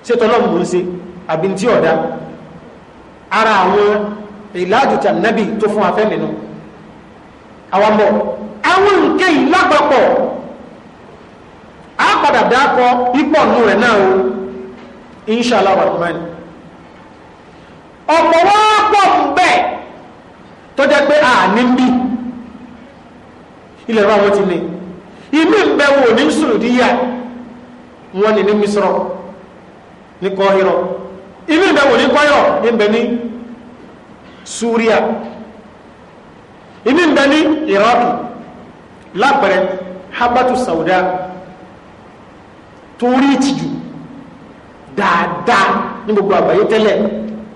ṣé tọ́lọ́mù ló ń àbí tí ọ̀dá ara àwọn ìlàjùtà nábì tó fún afẹ́mi nù àwọn bọ̀ àwọn nǹkẹ́ yìí lápapọ̀ á padà dákọ pípọ̀ nù rẹ̀ náà o inshallah rahman ọ̀pọ̀ wọ́n pọ̀ ń bẹ̀ tó jẹ́ pé àní ń ilẹ̀ bá ti ní ìmí ń bẹ ní sùrù díyà wọn ni ní misrọ̀ ní kọ́hírọ̀ ibi ìbẹ̀ wò ní kọ́hírọ̀ ní ìbẹ̀ ní Súríà ibi ìbẹ̀ ní Iraki lápẹrẹ habatu sauda tó rí ìtìjú dáadáa ní gbogbo àgbáyé tẹ́lẹ̀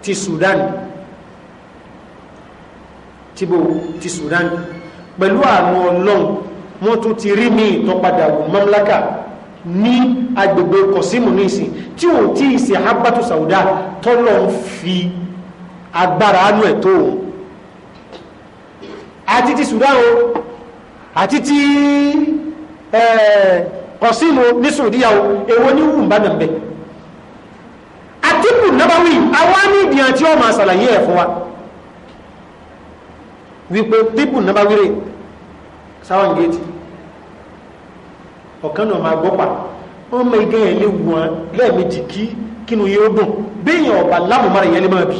ti Sudan tíbo ti Sudan pẹ̀lú àánú Ọlọ́run wọ́n tún ti rí mi ìtọ́padà mamlaka ní agbègbè kọ̀símù ní ìsìn tí ò tí ìsìn habatu sauda tọ́lọ̀ ń fi agbára anú ẹ̀ tó òun àti ti sudan o àti ti kọ̀símù ní sòdíyà o èwo ní wù ń bá nàbẹ̀ àtìkù nábàwí àwa ní ìdíyàn tí ó máa ṣàlàyé wa wípé tíbù nábàwí rè sáwọn gẹ̀ẹ́tì ọ̀kan náà máa gbọ́pà wọ́n mọ igẹ́ yẹn lé wọn lẹ́ẹ̀mejì kí kínú yóò dùn béèyàn ọ̀bà lámùmára yẹn lè máa bì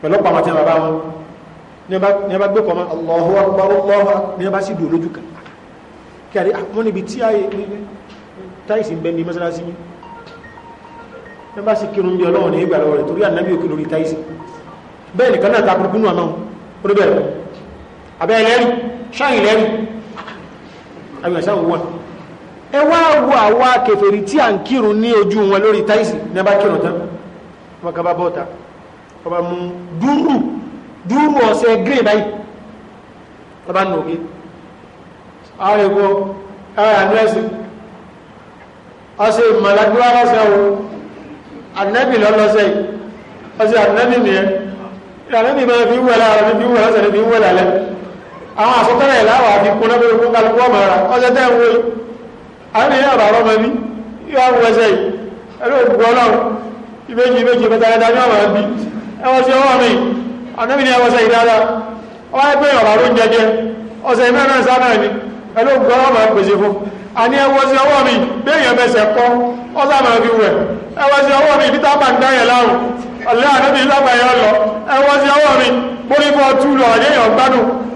pẹ̀lú àti bàbá wọn ní ọba gbé kọ́mọ́ Allahu Akbar Allahu Akbar ní ọba sì dùn lójú kan kí a rí àwọn ah, níbi tí ayé táìsì ń bẹ ní mọ́sálásí yìí ní ọba sì kírun bí ọlọ́run ní ìgbà lọ́wọ́ rẹ̀ torí ànábì òkè lórí táìsì bẹ́ẹ̀ nìkan náà ta kúrúkú nù àná oníbẹ̀rẹ̀ abẹ́ ẹlẹ́rìí ṣáà ìlẹ́rìí àyọ̀sá wọ́n ẹ wá wo àwa kèfèrí tí à ń kírun ní ojú wọn lórí táìsì ní abá kírun tán wọn kaba bọ́ta ọba mú dúrù dúrù ọ̀sẹ̀ green báyìí ọba nù òkè àwọn èkó ẹ̀rọ àdírẹ́sì ọsẹ ìmọ̀lágbíwá lọ́sẹ̀ o ànẹ́bì àwọn àsọtẹ́lẹ̀ ìláwà àfi kún lọ́bẹ̀rẹ̀ fún kálukú mara ara ọjọ́ tẹ́ ń wé àwọn èèyàn àbá ọmọ ní yóò wọ ẹsẹ̀ yìí ẹlú òkùnkùn ọlọ́run ìbejì ọwọ́ mi ọ̀nàmì ní ẹwọ́sẹ̀ ìdára ọwọ́ ẹgbẹ́ ọ̀rọ̀ ló ń jẹjẹ ọ̀sẹ̀ mẹ́rin sáà náà ni ẹlú òkùnkùn mi béèyàn mẹsẹ̀ kọ́ ọ̀sà máa fi wẹ̀ ẹwọ́ mi peter pan dáyẹ̀ láàrùn ọ̀lẹ́ àdébí lágbàáyé ọlọ ẹwọ́ sí ọwọ́ mi mórí fọ́ tú lọ gbádùn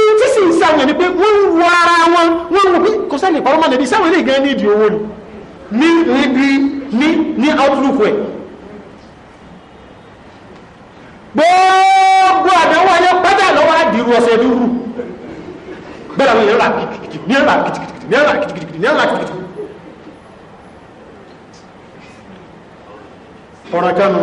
iye tí sì ń sàyàn ni pé wọ́n ń wọ ara wọn wọ́n ń wọ pé kò sẹ́ni ìpàrọ̀ máa lẹ́bi sáwọn eléyìí gan ní ìdí owó ni ní ní ní ní outlook ẹ̀ gbogbo àdánwò ayé pátá lọ́wọ́ àdìrú ọ̀sẹ̀ dúró bẹ́ẹ̀ ni ìrora kìtìkìtì ní ìrora kìtìkìtì ní ìrora kìtìkìtì ní ìrora kìtìkìtì. ọ̀rọ̀ kanu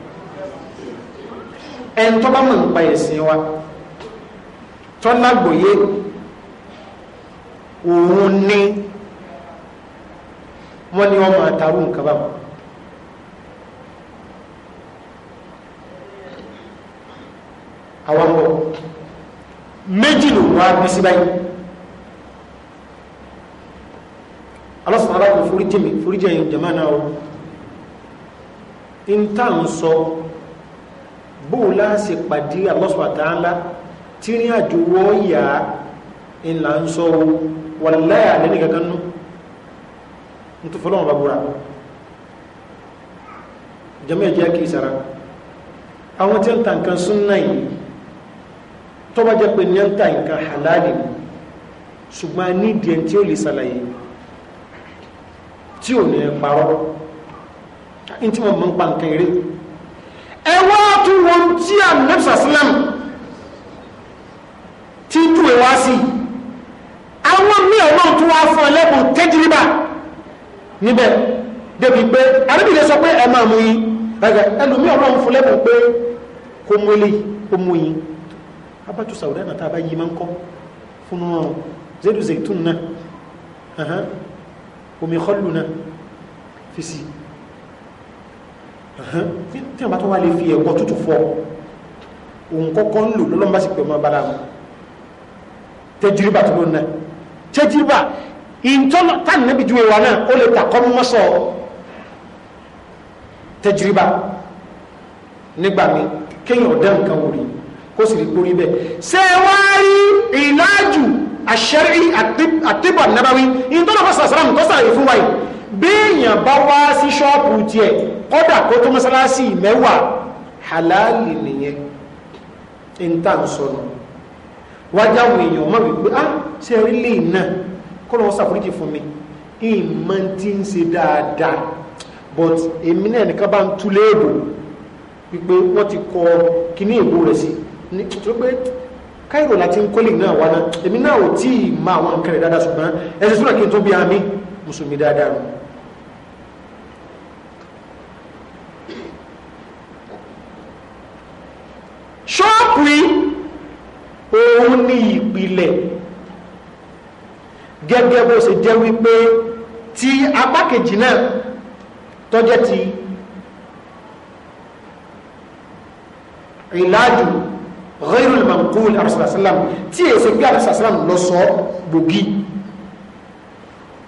ẹni tó bá mọ̀ nípa ẹ̀sìn wa tó lágbòye òun ní wọ́n ní ọmọ àtàrú nǹkan bá wọn. àwọn ọmọ méjì ló wá bí sí báyìí alọ́sàn aláwọ̀ foríjì mi foríjì ẹ̀yìn jẹ̀mọ́ náà ó ń tà sọ bóòlá ń ṣe pàdé Allah subhanahu wa ta'ala tí ní àjò wọ́ọ̀yà ńlá ń sọ o wallahi àlẹ́ni kankan nú nítorí fọlọ́wọ́n bá búra jẹ́mọ́ ẹ̀jẹ̀ kì í sara àwọn tí ń ta nǹkan súnná yìí tó bá jẹ́ pé ní ń ta nǹkan halali ṣùgbọ́n a ní ìdíẹ̀ tí ó lè ṣàlàyé tí ò ní parọ́ ní tí wọ́n mọ̀ ń pa nǹkan eré ẹ wá tún wo tí ànábì sàsílám tí tú ẹ̀ wá sí àwọn míì ọlọ́run tún wá fún ẹlẹ́bùn tẹ́jìrìbà níbẹ̀ débi pé àríbìlẹ̀ sọ pé ẹ máa mú yín ẹgbẹ̀ ẹlòmí ọlọ́run fún lẹ́bùn pé kó mú ilé kó mú yín abájú sàwùdá náà tá a bá yí máa ń kọ́ fún ọrùn zédùzé tún náà omi kọlù náà fi sí tí wọ́n bá tó wá lè fi ẹ̀kọ́ tútù fọ́ òun kọ́kọ́ ń lò lọ́lọ́mbà sí pẹ̀lú ọmọ balamu tẹjúrìbà tó ló ná tẹjúrìbà ìtọ́nà táà níbi ju ìwà náà ó lè tàkọ́ mọ́sọ̀ tẹjúrìbà nígbà mi kéèyàn ọ̀dẹ́ nǹkan wò rí kó sì rí gbórí bẹ́ẹ̀ ṣé wá rí ìlàjù àṣẹrí àtibọ̀ nàbáwí ìtọ́nà fọ́sàsàrà nǹkan sàrẹ̀ fún wáyé béèyàn bá wá sí ṣọ́ọ̀pù tiẹ̀ kọ́dà kó tó mọ́sálásí mẹ́wàá halali nìyẹn ìntà ń sọnù wájà àwọn èèyàn mọ̀ wípé á ah, ṣe rí lè náà kó lọ́wọ́ sàforíjì fún mi ìmọ̀ tí ń ṣe dáadáa but èmi náà nìkan bá ń tú léèbò wípé wọ́n ti kọ kíní èbó rẹ̀ sí ní tó pé káìrò láti ń kólé náà wá náà èmi náà ò tí ì mọ àwọn nǹkan dáadáa ṣùgbọ́n ẹ̀sìn súnà kí n tó bí àmì mùsùlùmí dáadáa ṣọ́ọ̀pù yìí òun ní ìpìlẹ̀ gẹ́gẹ́ bó ṣe jẹ́ wípé ti apákejì náà tọ́jẹ́ ti ìlàjù ghairul manqul arsalasalaam tí èsè gbé arsalasalaam lọ sọ gbòógì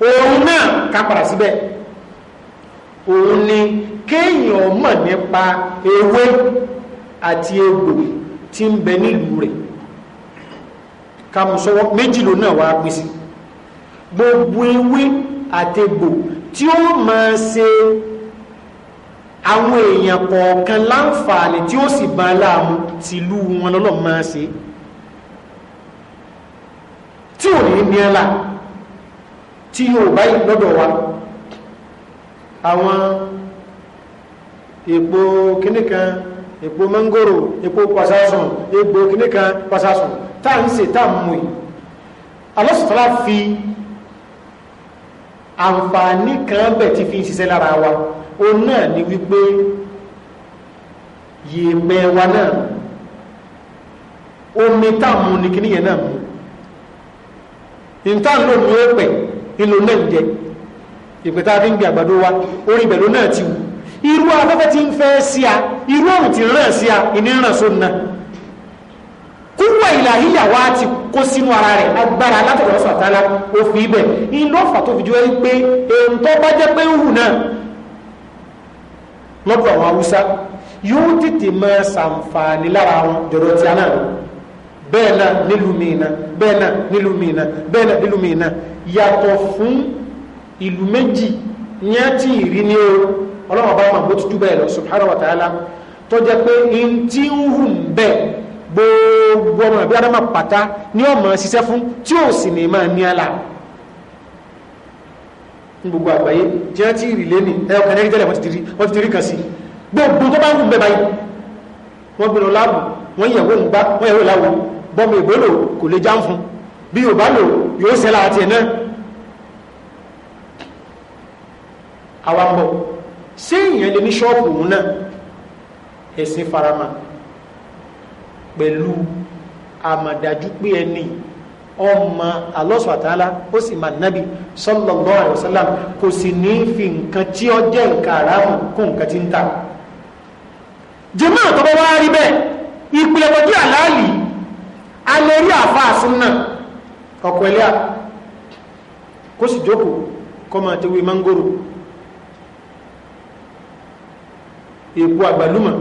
òun náà kápára síbẹ̀ òun ni kéèyàn mọ̀ nípa ewé àti egbò tí ń bẹ nílùú rẹ̀ kàmùsọ́wọ́ méjì ló náà wá pín sí gbogbo ewé àtegbò tí ó máa ṣe àwọn èèyàn kọ̀ọ̀kan láǹfààní tí ó sì bá láàmú tìlú wọn lọ́lọ́ máa ṣe tí ò ní ní ẹlà tí yóò báyìí lọ́dọ̀ wa àwọn èpo kíníkan epo mangoro epo pasasun egbò kìnnìkan pasasun tá à ń ṣe tá à ń mú i alọ́sọ̀tọ́lá fi àǹfààní kan bẹ̀ tí fi ń ṣiṣẹ́ lára wa ó náà ni wípé yèèmẹ̀ wa náà omi táàmù ní kíní yẹn náà mú ìtàlù ní ó pẹ̀ ìlò náà jẹ ìpẹ̀tà fi ń gbé àgbàdo wa orí ìbẹ̀lú náà ti wù irú afẹ́fẹ́ tí ń fẹ́ sí a irú ọ̀rùn tí ràn sí a ìní ràn só na kúrò ìlàhíyà wa ti kó sínú ara rẹ̀ agbára látọ̀rọ̀ sọ̀tálá òfin ibẹ̀ inú ọ̀fà tó fi jọ ẹ́ pé èyí tó bá jẹ́ pé hù náà lọ́dọ̀ àwọn haúsá yóò tètè máa ṣàǹfààní lára wọn jọ̀dọ̀ tí a bẹ́ẹ̀ náà nílùú mi bẹ́ẹ̀ náà nílùú mi bẹ́ẹ̀ náà nílùú mi yàtọ̀ fún ìlú méjì ní á ti rí ní o ọlọ́wọ́n bá wọn bó ti dúbẹ̀ lọ subhanahu wa ta'ala tó jẹ́ pé in tí ń hù ń bẹ̀ gbogbo ọmọ àbí adama pàtá ní ọmọ ṣiṣẹ́ fún tí ó sì ní máa ní àlà ní gbogbo àgbáyé tí wọ́n ti rì lẹ́ni ẹ̀rọ kan tẹ́lẹ̀ wọ́n ti rí kan sí gbogbo tó bá ń hù ń bẹ̀ báyìí wọ́n gbé lọ láàbù wọ́n yẹ̀wò ń gbá wọ́n yẹ̀wò láwù bọ́mọ ìgbélò kò lè já ń fún bí yóò bá lò yóò ṣẹlẹ̀ àti ẹ̀ náà àwọn bọ̀ ṣé èèyàn lè ní ṣọ́ọ̀bù òun náà ẹ̀sìn farama pẹ̀lú àmàdájú pé ẹni ọmọ alọ́sọ̀ àtàlá ó sì máa nábì sallallahu alaihi wasallam kò sì ní fi nǹkan tí ó jẹ́ nǹkan àràmù kó nǹkan tí ń ta jẹ́mọ́ àtọ́bọ́ wá rí bẹ́ẹ̀ ìpìlẹ̀ pẹ̀lú àláàlì alẹ́ rí àfáà súnà ọ̀pọ̀ ẹlẹ́à kó sì jókòó kọ́ máa tewé mángòrò èpo àgbàlùmọ̀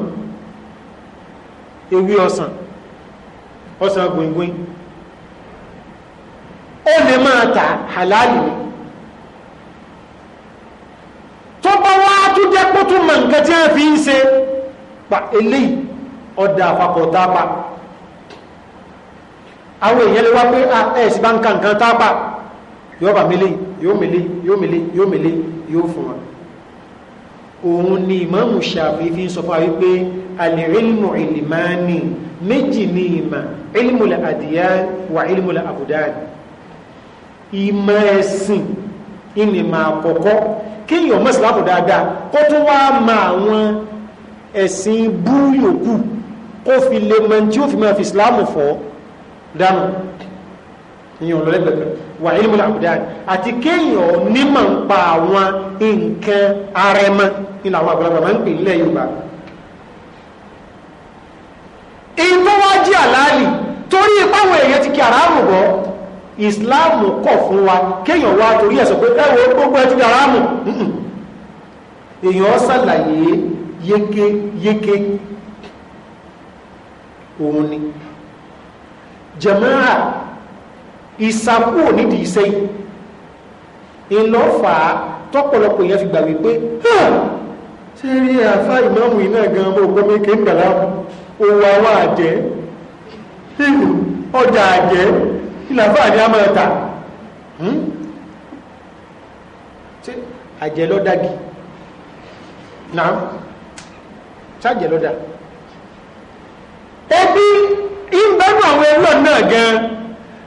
ewé ọsàn ọsàn gbìngbìn ó lè máa ta halali ni tó bá wá tó jẹ́ kó tó mọ̀ nǹkan tí wọ́n fi ń ṣe pa eléyìí ọ̀dà àpapọ̀ tápa àwọn èèyàn lè wá pé ah, ẹ̀sì bá ń ka nǹkan tápa yóò bà mílé yóò mílé yóò mílé yóò mílé yóò fún wọn òun ni ìmáàmù ṣàfi fi ń sọ fún wa wípé al-ilmu ilmani méjì ní ìmọ̀ ilmul adiyan wà ilmul abudan ìmọ̀ ẹ̀sìn ìnìmọ̀ àkọ́kọ́ kéèyàn mọ́síláàpù dáadáa kó tó wá wà ilmu al-abdan àti kéèyàn onímọ̀ ń pa àwọn nǹkan arẹmọ nínú àwọn àgbàlagbà máa ń pè nílẹ̀ yorùbá ìmúwájú àlàálì torí ipáwọn èèyàn ti kí àràmù bọ́ ìsìláàmù kọ̀ fún wa kéèyàn wá torí ẹ̀sọ̀ pé ẹwọ gbogbo ẹ̀ ti di àràmù èèyàn ṣàlàyé yéké yéké òun ni jàmáà ìsàkúrò nídìí iṣẹ́ yìí ìlọ́fà tọ́pọ̀lọpọ̀ yẹn fi gbà wípé ṣé rí àfá ìmọ̀mù iná gan mọ́ ògbọ́n mékè ń gbàlá owó àwọn àjẹ́ ọjà àjẹ́ ìlàfà ní amọ̀ta hmm? ṣé àjẹ́ lọ́dàgì náà ṣáàjẹ́ lọ́dà ẹbí ìbẹ́nu àwọn ẹlọ́ náà gan-an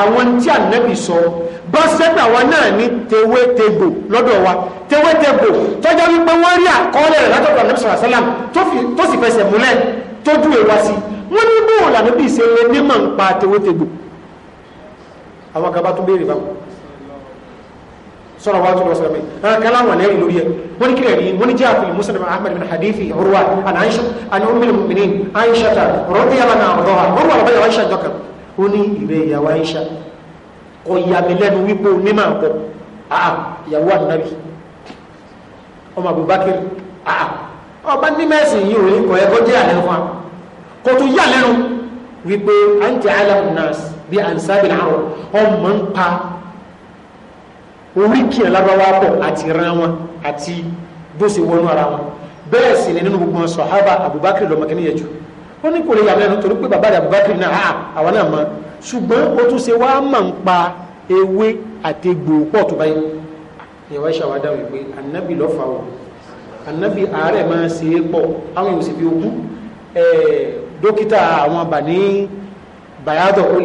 àwọn tí ànábì sọ bá sẹ́gbà wa náà ní tewétegbò lọ́dọ̀ wa tewétegbò tọ́jọ́ wípé wọ́n rí àkọọ́lẹ̀ rẹ̀ látọ̀dọ̀ ànábì sọ̀rọ̀ sálàm tó sì fẹsẹ̀ múlẹ̀ tójú ìwá sí wọ́n ní bóò lànábì ṣe lé ní mọ̀ ń pa tewétegbò àwọn kan bá tún béèrè báwọn sọ̀rọ̀ wa tún lọ sọ̀rọ̀ mi rárá kan láwọn lẹ́rìí lórí ẹ̀ wọ́n ní kílẹ̀ rí wọ́n ní jáàfin muslim ahmed bin hadithi urwa an aisha an ummil mu'minin aisha ta rọ́bíyàlá na ọ̀rọ̀ ha urwa lọ́bẹ̀yà aisha jọkàn ó ní ìrẹ ìyàwó Aisha kò yà mí lẹ́nu wípé o ní máa kọ àà ìyàwó ànábì ọmọ Abubakar àà ọba ní mẹ́sìn yìí ò ní kọ ẹ̀kọ́ jẹ́ àlẹ́ fún wa kò tún yà lẹ́nu wípé àǹtí alamu nas bí ansabi làárọ̀ ọmọ ń pa oríkì alábáwá pọ̀ àti ran wọn àti bó ṣe wọnú ara wọn bẹ́ẹ̀ sì ni nínú gbogbo sọ̀hábà Abubakar lọ́mọkẹ́ níyẹn jù ó ní kò lè yàrá ẹnu torí pé bàbá rẹ̀ Abubakar náà ah, àwọn náà mọ ṣùgbọ́n ó tún ṣe wá mà ń pa ewé àti egbò pọ̀ tó báyìí ìyàwó ẹ̀ṣẹ̀ wa dáhùn pé ànábì lọ́fà o ànábì ààrẹ máa ṣe é pọ̀ àwọn èèyàn sì fi ogún dókítà àwọn bàní bàyádọ̀ ó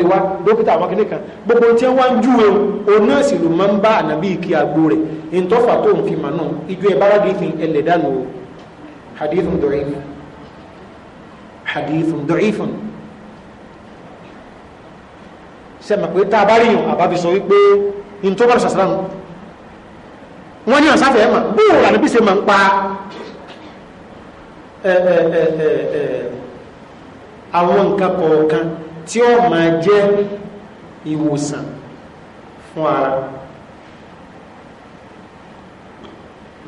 dókítà àwọn kìnnìkà gbogbo tí wọ́n ń júwe o náà sì ló máa ń bá ànábì kí agbo rẹ̀ ìtọ́fà tó fi mà náà ìjọ ẹ̀ bára dé fi ẹlẹ̀ hadith dọ̀rẹ́ mi hadith da'ifun sẹ́mi pé tá a bá ríyàn àbábi sọ wípé in tó bára sàsàrán wọ́n ní àsáfẹ́ ẹ̀mà bóò rà níbi se ma ń pa àwọn nǹkan kọ̀ọ̀kan tí ó máa jẹ́ ìwòsàn fún ara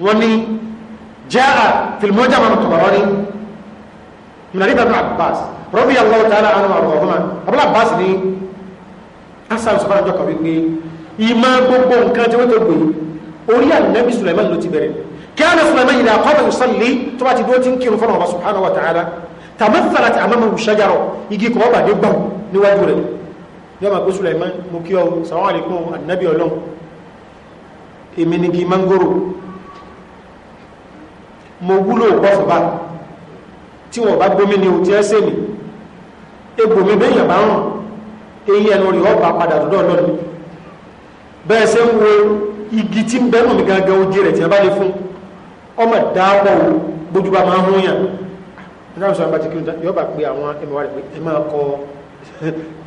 wọ́n ní jẹ́ àfilmọ́jà mọ́tò bàbá ní ìlànà ìbàdàn abbas rọ́bì yàgbọ́ tààlà àwọn àrùn ọ̀hún abúlé abbas ní hasan sọfàrà jọkọ̀ wípé ìmọ̀ gbogbo nǹkan tí wọ́n tó gbé orí ànábì sulaiman ló ti bẹ̀rẹ̀ kí á lọ sulaiman yìí àkọ́bẹ̀ òsàlẹ̀ tó bá ti dúró tí ń kírun fọ́nà ọba subhanahu wa ta'ala tàmẹ́fàlà ti àmọ́ mọ̀rù ṣájárọ̀ igi kọ́ ọba mo wúlò pọ́fù báyìí tí wọ́n bá gbómi ni o ti ẹ́ sèmi egbòmi bẹ́yàn bá rùn eyín ẹnu rẹ̀ ọba padà dúdọ̀ lọ́nu bẹ́ẹ̀ ṣe ń wo igi tí ń bẹ́nu mi gangan ojú rẹ̀ tí a bá lè fún ọmọ dáàbọ̀ o bójú bá máa ń hún yàn nígbà sọ àgbà tí kí n ta yọ bá pé àwọn ẹmọ wa pé ẹ máa kọ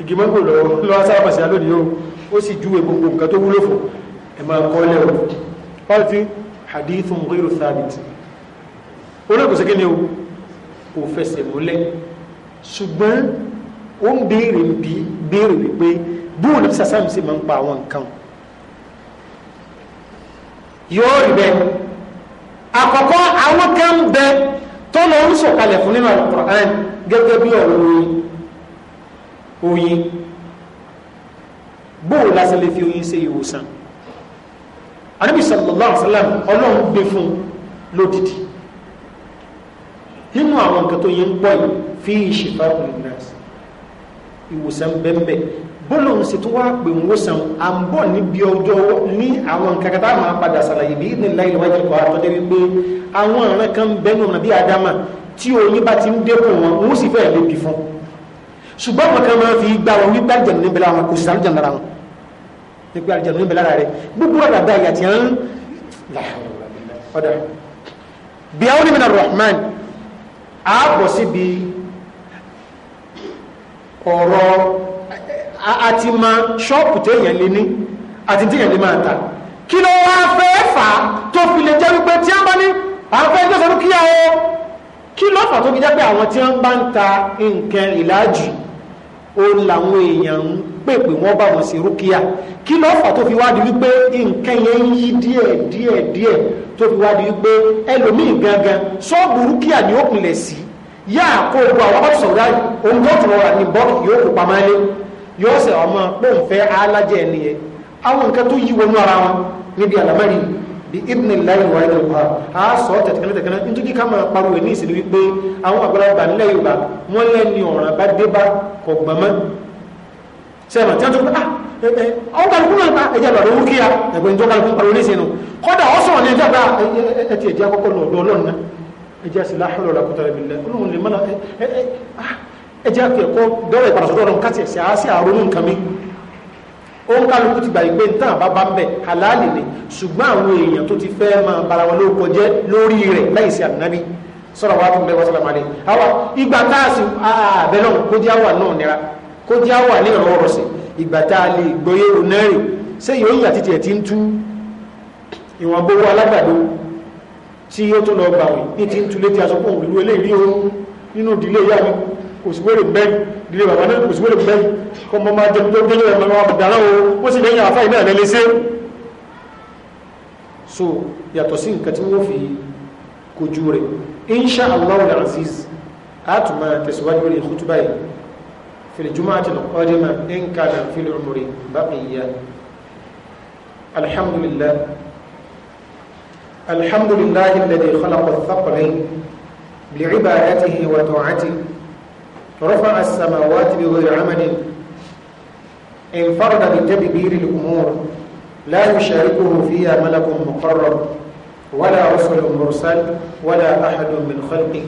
igi mọ́ngò lọ́wọ́ lọ́wọ́ sábà sí alónìí ó sì júwe gbogbo nǹkan tó wúlò fún ẹ máa kọ́ lẹ́wọ̀ pálí tí hadithun ghayru thabit olóògùn sí kí ni o kò fẹsẹ̀ múlẹ̀ ṣùgbọ́n ó ń béèrè bí béèrè wípé bóun ní sàsáàmù sì máa ń pa àwọn nǹkan yóò rí bẹ́ẹ̀ àkọ́kọ́ àwọn kan bẹ tó lọ ń sọ̀kalẹ̀ fún nínú Al-Qur'an gẹ́gẹ́ bí ọ̀rọ̀ oyin oyin bóun lásán lè fi oyin ṣe ìwòsàn Ànábì sallallahu alaihi wasallam ọlọ́run gbé fún lódìdí nínú àwọn nǹkan tó yẹ ń pọ̀ yìí fi ìṣèfà òmìniras ìwòsàn bẹ́ẹ̀bẹ́ẹ̀ bọ́ọ̀lù ń ṣètò wá pé ń wòsàn à ń bọ̀ níbi ọjọ́ ní àwọn nǹkan kan tá a máa padà ṣàlàyé bí ní láì lọ́wọ́ ìjọba àtọ́jọ́ wípé àwọn ọ̀ràn kan bẹ́ẹ̀ nù bí adama tí oyin bá ti ń dẹ́kun wọn ń sì fẹ́ẹ̀ lébi fún ṣùgbọ́n àwọn kan máa fi gbà wọn wípé àjẹmí níbẹ̀ lára wọn kò sì sàrújà lára wọn nígbà àjẹmí níbẹ̀ lára rẹ gbogbo ọ̀dà bá ìyàtì hàn ọ̀dà bí àwọn onímọ̀ àápọ̀ síbi ọ̀rọ̀ àti ma ṣọ́ọ̀pù téèyàn lè ní àti téèyàn lè máa ta kí ló wá fẹ́ fà á tó fi lè jẹ́ wípé tí a bá ní àfẹ́ tó sọ kí ló fà tó fi jẹ́ pé àwọn tí wọ́n bá ń ta nǹkan ìlàjì ó làwọn èèyàn ń pèpè wọ́n bá wọn sí rúkìá kí ló fà tó fi wá di wípé nǹkan yí díẹ̀ díẹ̀ díẹ̀ tó fi wá di wípé ẹlòmíì gangan ṣọ́ọ̀bù rúkìá ni ó pinlẹ̀ sí yáà kó o bu àwọn ọ̀pọ̀ ohun tó tún rọra ní bọ́ọ̀kì yóò kó pamọ́ lé yóò ọmọ fẹ́ alájẹ ẹni yẹn àwọn nǹkan tó ara wọn bí ibùdó láì wà ní ọ̀pá a sọ tẹ̀tẹ̀kẹ́lẹ́ tẹ̀kẹ́lẹ́ nítorí ká máa pariwo ní ìsìn wípé àwọn àgbàlagbà nílẹ̀ Yorùbá wọ́n lẹ́ni ọ̀ràn bá dé bá kọ̀ gbọ́mọ́ sẹ́wọ̀n tí wọ́n tún bá ah, ọ̀n kálukú náà ẹ̀jẹ̀ lọ́dọ̀ owó kíá ẹ̀gbọ́n ní tó kálukú pariwo ní ìsìn nù kọ́dà ọ sọ̀rọ̀ ní ẹjọ́ bá ah, ẹtì ẹ̀jẹ̀ akọ́kọ́ lọ ọ̀dọ̀ Ọlọ́run náà ẹjẹ́ sì láhùlọ̀ làkútà rẹ̀ bìlẹ̀ Ọlọ́run lè ó ń kálukú ti gbà yí tán àbá bẹ̀ halali ni ṣùgbọ́n àwọn èèyàn tó ti fẹ́ máa bara wọn ló kọjẹ́ lórí rẹ̀ láìsí ànábì sọ̀rọ̀ wa fún bẹ́ẹ̀ wọ́n sábà máa àwa ìgbà tá a sì àbẹ̀ náà kó jẹ́ àwà náà nira kó jẹ́ àwà ní ìrọ̀ ọ̀rọ̀ sí ìgbà tá a òṣùwérò mbẹ́ ilé bàbá náà òṣùwérò mbẹ́ kọ́ mọ́ máa jẹun tó ń gẹ́gẹ́ ọmọ àbàdàrà o ó sì lẹ́yìn àfáì náà lẹ́lẹ́sẹ́ so yàtọ̀ sí nǹkan tí wọ́n fi kojú rẹ̀ insha allah al-aziz a tún máa tẹ̀síwájú lórí ìkútúbà yìí في الجمعة القادمة إن كان في العمر بقية الحمد لله الحمد لله الذي خلق الثقلين لعبادته وطاعته رفع السماوات بغير عمل انفرد بتدبير الأمور لا يشاركه فيها ملك مقرب ولا رسل مرسل ولا أحد من خلقه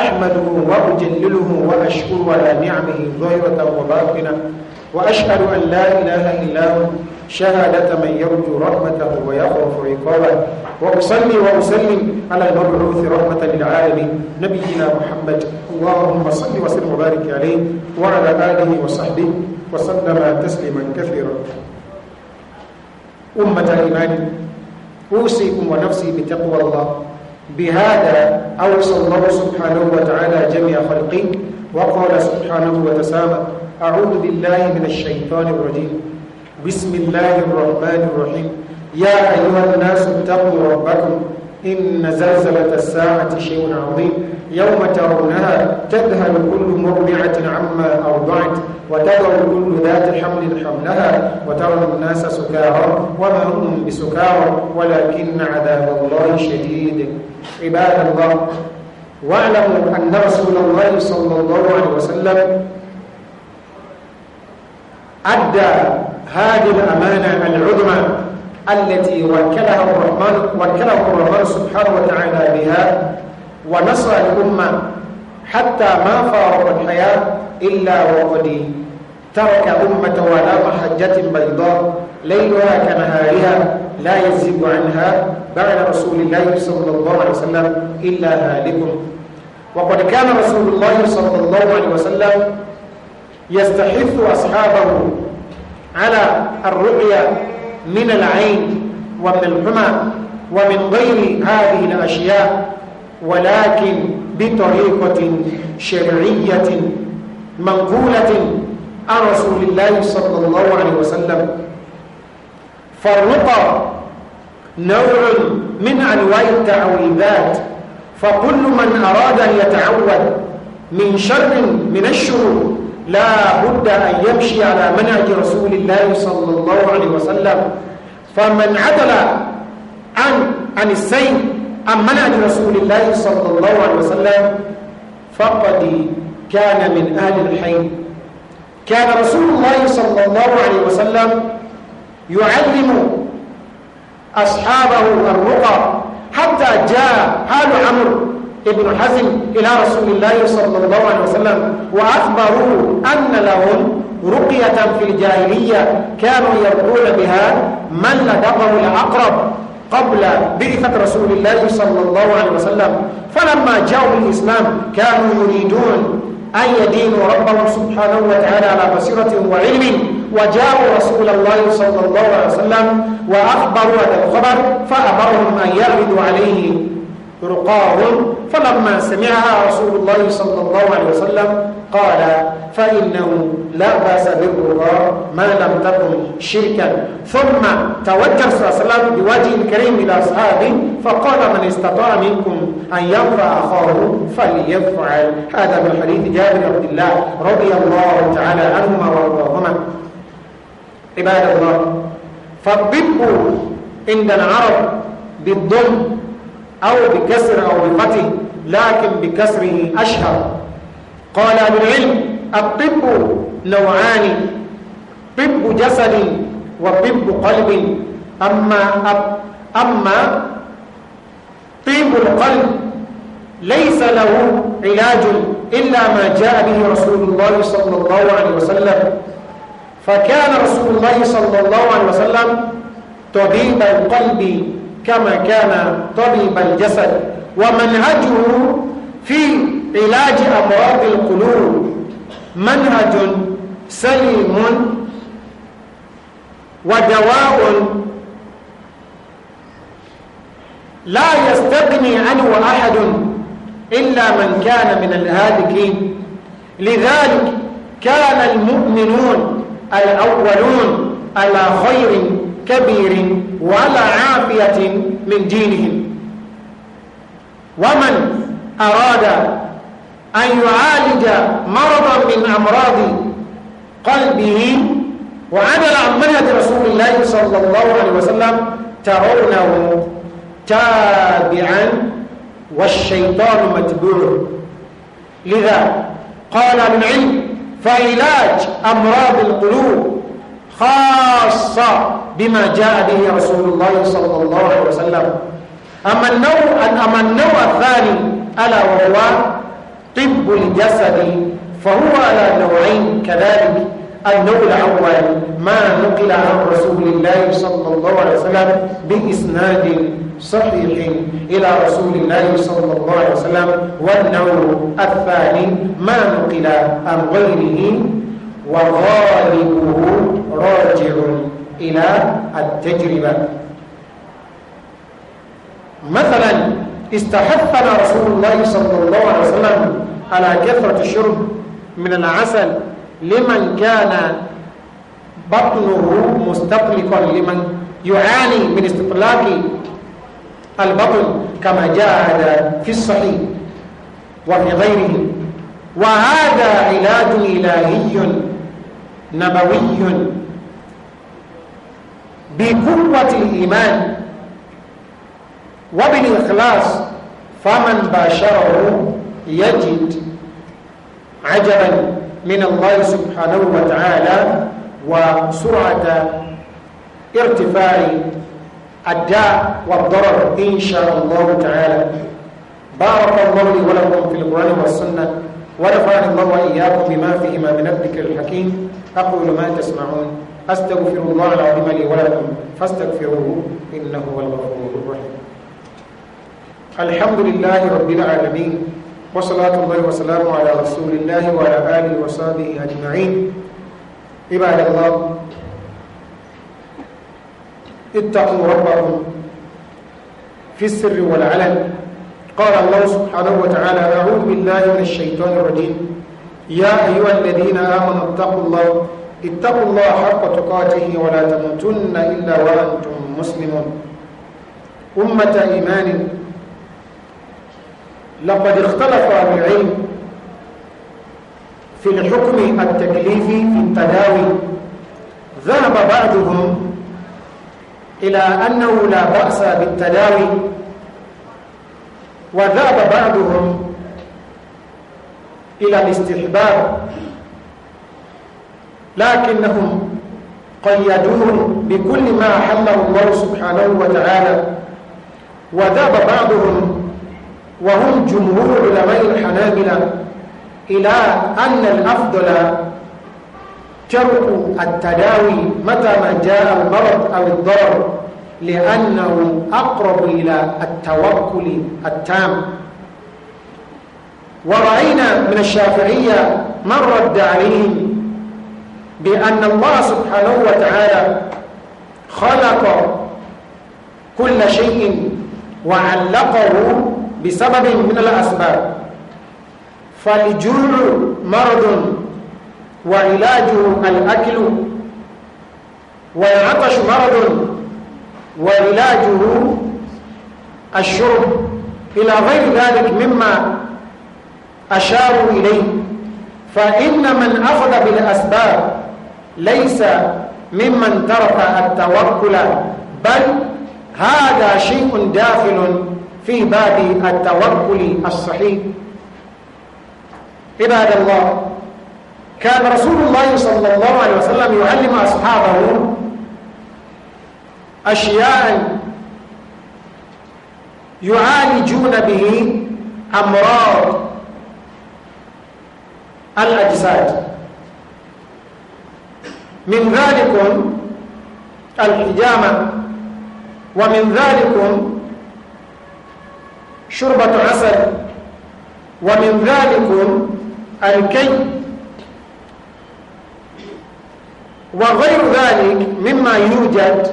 أحمده وأجلله وأشكر على نعمه ظاهرة وباطنة وأشهد أن لا إله إلا هو شهادة من يرجو رحمته ويخاف عقابه وأصلي وأسلم على المبعوث رحمة للعالمين نبينا محمد اللهم صل وسلم وبارك عليه وعلى آله وصحبه وسلم تسليما كثيرا أمة الإيمان أوصيكم ونفسي بتقوى الله بهذا أوصى الله سبحانه وتعالى جميع خلقه وقال سبحانه وتسامى أعوذ بالله من الشيطان الرجيم بسم الله الرحمن الرحيم يا أيها الناس اتقوا ربكم إن زلزلة الساعة شيء عظيم يوم ترونها تذهل كل مرضعة عما أرضعت وتضع كل ذات حمل حملها وترى الناس سكارى وما هم بسكارى ولكن عذاب الله شديد عباد الله واعلموا أن رسول الله صلى الله عليه وسلم أدى هذه الأمانة العظمى التي وكلها الرحمن وكله الرحمن سبحانه وتعالى بها ونصر الأمة حتى ما فارق الحياة إلا وقد ترك أمة ولا محجة بيضاء ليلها كنهارها لا يزيد عنها بعد رسول الله صلى الله عليه وسلم إلا هالك وقد كان رسول الله صلى الله عليه وسلم يستحث أصحابه على الرؤيا من العين ومن الحمى ومن غير هذه الأشياء ولكن بطريقة شرعية منقولة عن رسول الله صلى الله عليه وسلم فالرقى نوع من أنواع التعويذات فكل من أراد أن يتعوذ من شر من الشرور لا بد أن يمشي على منهج رسول الله صلى الله عليه وسلم فمن عدل عن عن السين عن منهج رسول الله صلى الله عليه وسلم فقد كان من أهل الحين كان رسول الله صلى الله عليه وسلم يعلم أصحابه الرقى حتى جاء حال عمرو ابن حزم إلى رسول الله صلى الله عليه وسلم وأخبروه أن لهم رقية في الجاهلية كانوا يرقون بها من لدغه العقرب قبل بعثة رسول الله صلى الله عليه وسلم فلما جاءوا الإسلام كانوا يريدون أن يدينوا ربهم سبحانه وتعالى على بصيرة وعلم وجاءوا رسول الله صلى الله عليه وسلم وأخبروا هذا الخبر فأمرهم أن يعرضوا عليه رقاهم فلما سمعها رسول الله صلى الله عليه وسلم قال فإنه لا بأس بالرقاء ما لم تكن شركا ثم توجه صلى الله عليه وسلم بوجه كريم إلى أصحابه فقال من استطاع منكم أن يرفع أخاه فليفعل هذا من حديث جابر عبد الله رضي الله تعالى عنهما وارضاهما عباد الله فالضبط عند العرب بالضم أو بكسر أو بفتح لكن بكسره أشهر قال أبو العلم الطب نوعان طب جسد وطب قلب أما أما طب القلب ليس له علاج إلا ما جاء به رسول الله صلى الله عليه وسلم فكان رسول الله صلى الله عليه وسلم طبيب القلب كما كان طبيب الجسد ومنهجه في علاج أمراض القلوب منهج سليم ودواء لا يستغني عنه أحد إلا من كان من الهالكين لذلك كان المؤمنون الأولون على خير كبير ولا عافية من دينهم ومن أراد أن يعالج مرضا من أمراض قلبه وعمل عن منهج رسول الله صلى الله عليه وسلم ترونه تابعا والشيطان متبوع لذا قال من علم فعلاج أمراض القلوب خاصة بما جاء به رسول الله صلى الله عليه وسلم أما النوع, أما النوع الثاني ألا وهو طب الجسد فهو على نوعين كذلك النوع الأول ما نقل عن رسول الله صلى الله عليه وسلم بإسناد صحيح إلى رسول الله صلى الله عليه وسلم والنوع الثاني ما نقل عن غيره وغالبه راجع إلى التجربة مثلا استحثنا رسول الله صلى الله عليه وسلم على كثرة الشرب من العسل لمن كان بطنه مستقلقا لمن يعاني من استقلاق البطن كما جاء هذا في الصحيح وفي غيره وهذا علاج إلهي نبوي بقوة الإيمان وبالإخلاص فمن باشره يجد عجبا من الله سبحانه وتعالى وسرعة ارتفاع الداء والضرر إن شاء الله تعالى بارك الله لي ولكم في القرآن والسنة ونفعني الله وإياكم بما فيهما من ابنك الحكيم أقول ما تسمعون أستغفر الله العظيم لي ولكم فاستغفروه إنه هو الغفور الرحيم الحمد لله رب العالمين وصلاة الله وسلامه على رسول الله وعلى آله وصحبه أجمعين عباد الله اتقوا ربكم في السر والعلن قال الله سبحانه وتعالى أعوذ بالله من الشيطان الرجيم يا أيها الذين آمنوا اتقوا الله اتقوا الله حق تقاته ولا تموتن إلا وأنتم مسلمون أمة إيمان لقد اختلف أهل العلم في الحكم التكليفي في التداوي ذهب بعضهم إلى أنه لا بأس بالتداوي وذهب بعضهم إلى الاستحباب لكنهم قيدوهم بكل ما أحله الله سبحانه وتعالى وذهب بعضهم وهم جمهور علماء الحنابلة إلى أن الأفضل ترك التداوي متى ما جاء المرض أو الضرر لأنه أقرب إلى التوكل التام ورأينا من الشافعية من رد عليهم بأن الله سبحانه وتعالى خلق كل شيء وعلقه بسبب من الأسباب فالجوع مرض وعلاجه الأكل والعطش مرض وعلاجه الشرب إلى غير ذلك مما أشاروا إليه فإن من أخذ بالأسباب ليس ممن ترك التوكل بل هذا شيء داخل في باب التوكل الصحيح عباد الله كان رسول الله صلى الله عليه وسلم يعلم أصحابه أشياء يعالجون به أمراض الأجساد من ذلك الحجامة ومن ذلك شربة عسل ومن ذلك الكي وغير ذلك مما يوجد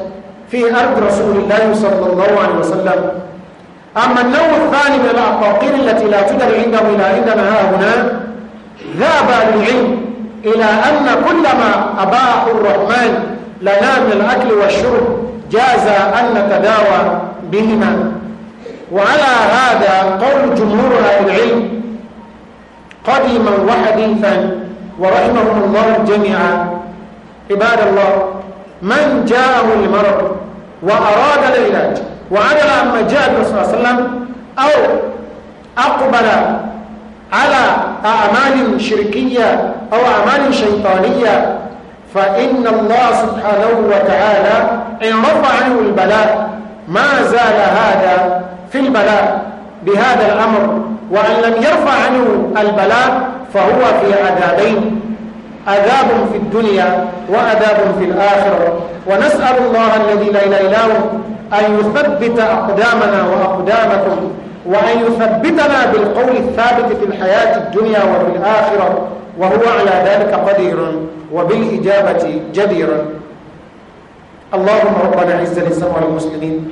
في أرض رسول الله صلى الله عليه وسلم أما النوع الثاني من الأقاقير التي لا تدري عندهم إلى عندنا ها هنا ذهب أهل العلم إلى أن كلما أباح الرحمن لنا من الأكل والشرب جاز أن نتداوى بهما وعلى هذا قول جمهور أهل العلم قديما وحديثا ورحمهم الله جميعا عباد الله من جاءه المرض وأراد العلاج وعدل عما جاء الرسول صلى الله عليه وسلم أو أقبل على أعمال شركية أو أعمال شيطانية فإن الله سبحانه وتعالى إن رفع عنه البلاء ما زال هذا في البلاء بهذا الأمر وأن لم يرفع عنه البلاء فهو في عذابين عذاب في الدنيا وعذاب في الآخرة ونسأل الله الذي لا إله إلا هو أن يثبت أقدامنا وأقدامكم وأن يثبتنا بالقول الثابت في الحياة الدنيا وفي الآخرة وهو على ذلك قدير وبالإجابة جدير اللهم ربنا عز لسمع المسلمين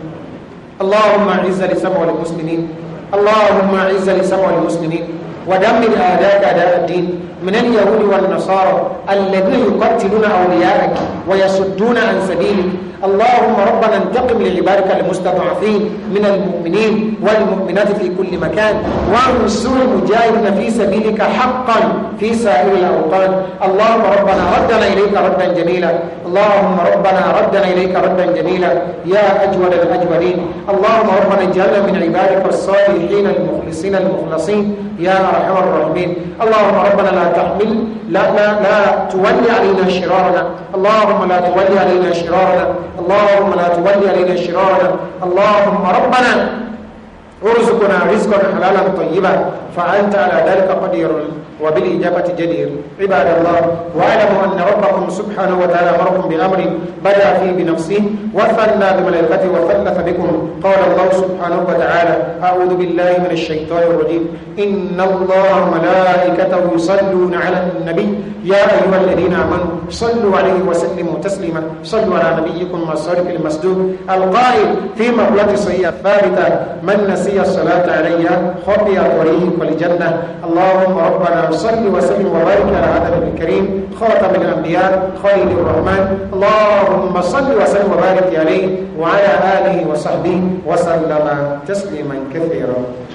اللهم عز لسمع المسلمين اللهم عز لسمع المسلمين ودمر أعداءك أعداء الدين من اليهود والنصارى الذين يقتلون أولياءك ويصدون عن سبيلك اللهم ربنا انتقم لعبادك المستضعفين من المؤمنين والمؤمنات في كل مكان وانصر المجاهدين في سبيلك حقا في سائر الاوقات اللهم ربنا ردنا اليك ردا جميلا اللهم ربنا ردنا اليك ردا جميلا يا اجود الاجودين اللهم ربنا اجعلنا من عبادك الصالحين المخلصين المخلصين يا ارحم الراحمين اللهم ربنا لا تحمل لا لا لا تولي علينا شرارنا اللهم لا تولي علينا شرارنا اللهم لا تولي علينا شرارنا اللهم ربنا ارزقنا رزقا حلالا طيبا فأنت على ذلك قدير وبالإجابة جدير عباد الله واعلموا أن ربكم سبحانه وتعالى أمركم بأمر بدأ فيه بنفسه وثنى بملائكته وثلث بكم قال الله سبحانه وتعالى أعوذ بالله من الشيطان الرجيم إن الله ملائكته يصلون على النبي يا أيها الذين آمنوا صلوا عليه وسلموا تسليما صلوا على نبيكم الصادق المسدود القائل في مقولة صحية ثابتة من نسي الصلاة علي خطي طريق الجنة اللهم ربنا وصلي وسلم وبارك على النبي الكريم خاتم الانبياء خليل الرحمن اللهم صل وسلم وبارك عليه وعلى اله وصحبه وسلم تسليما كثيرا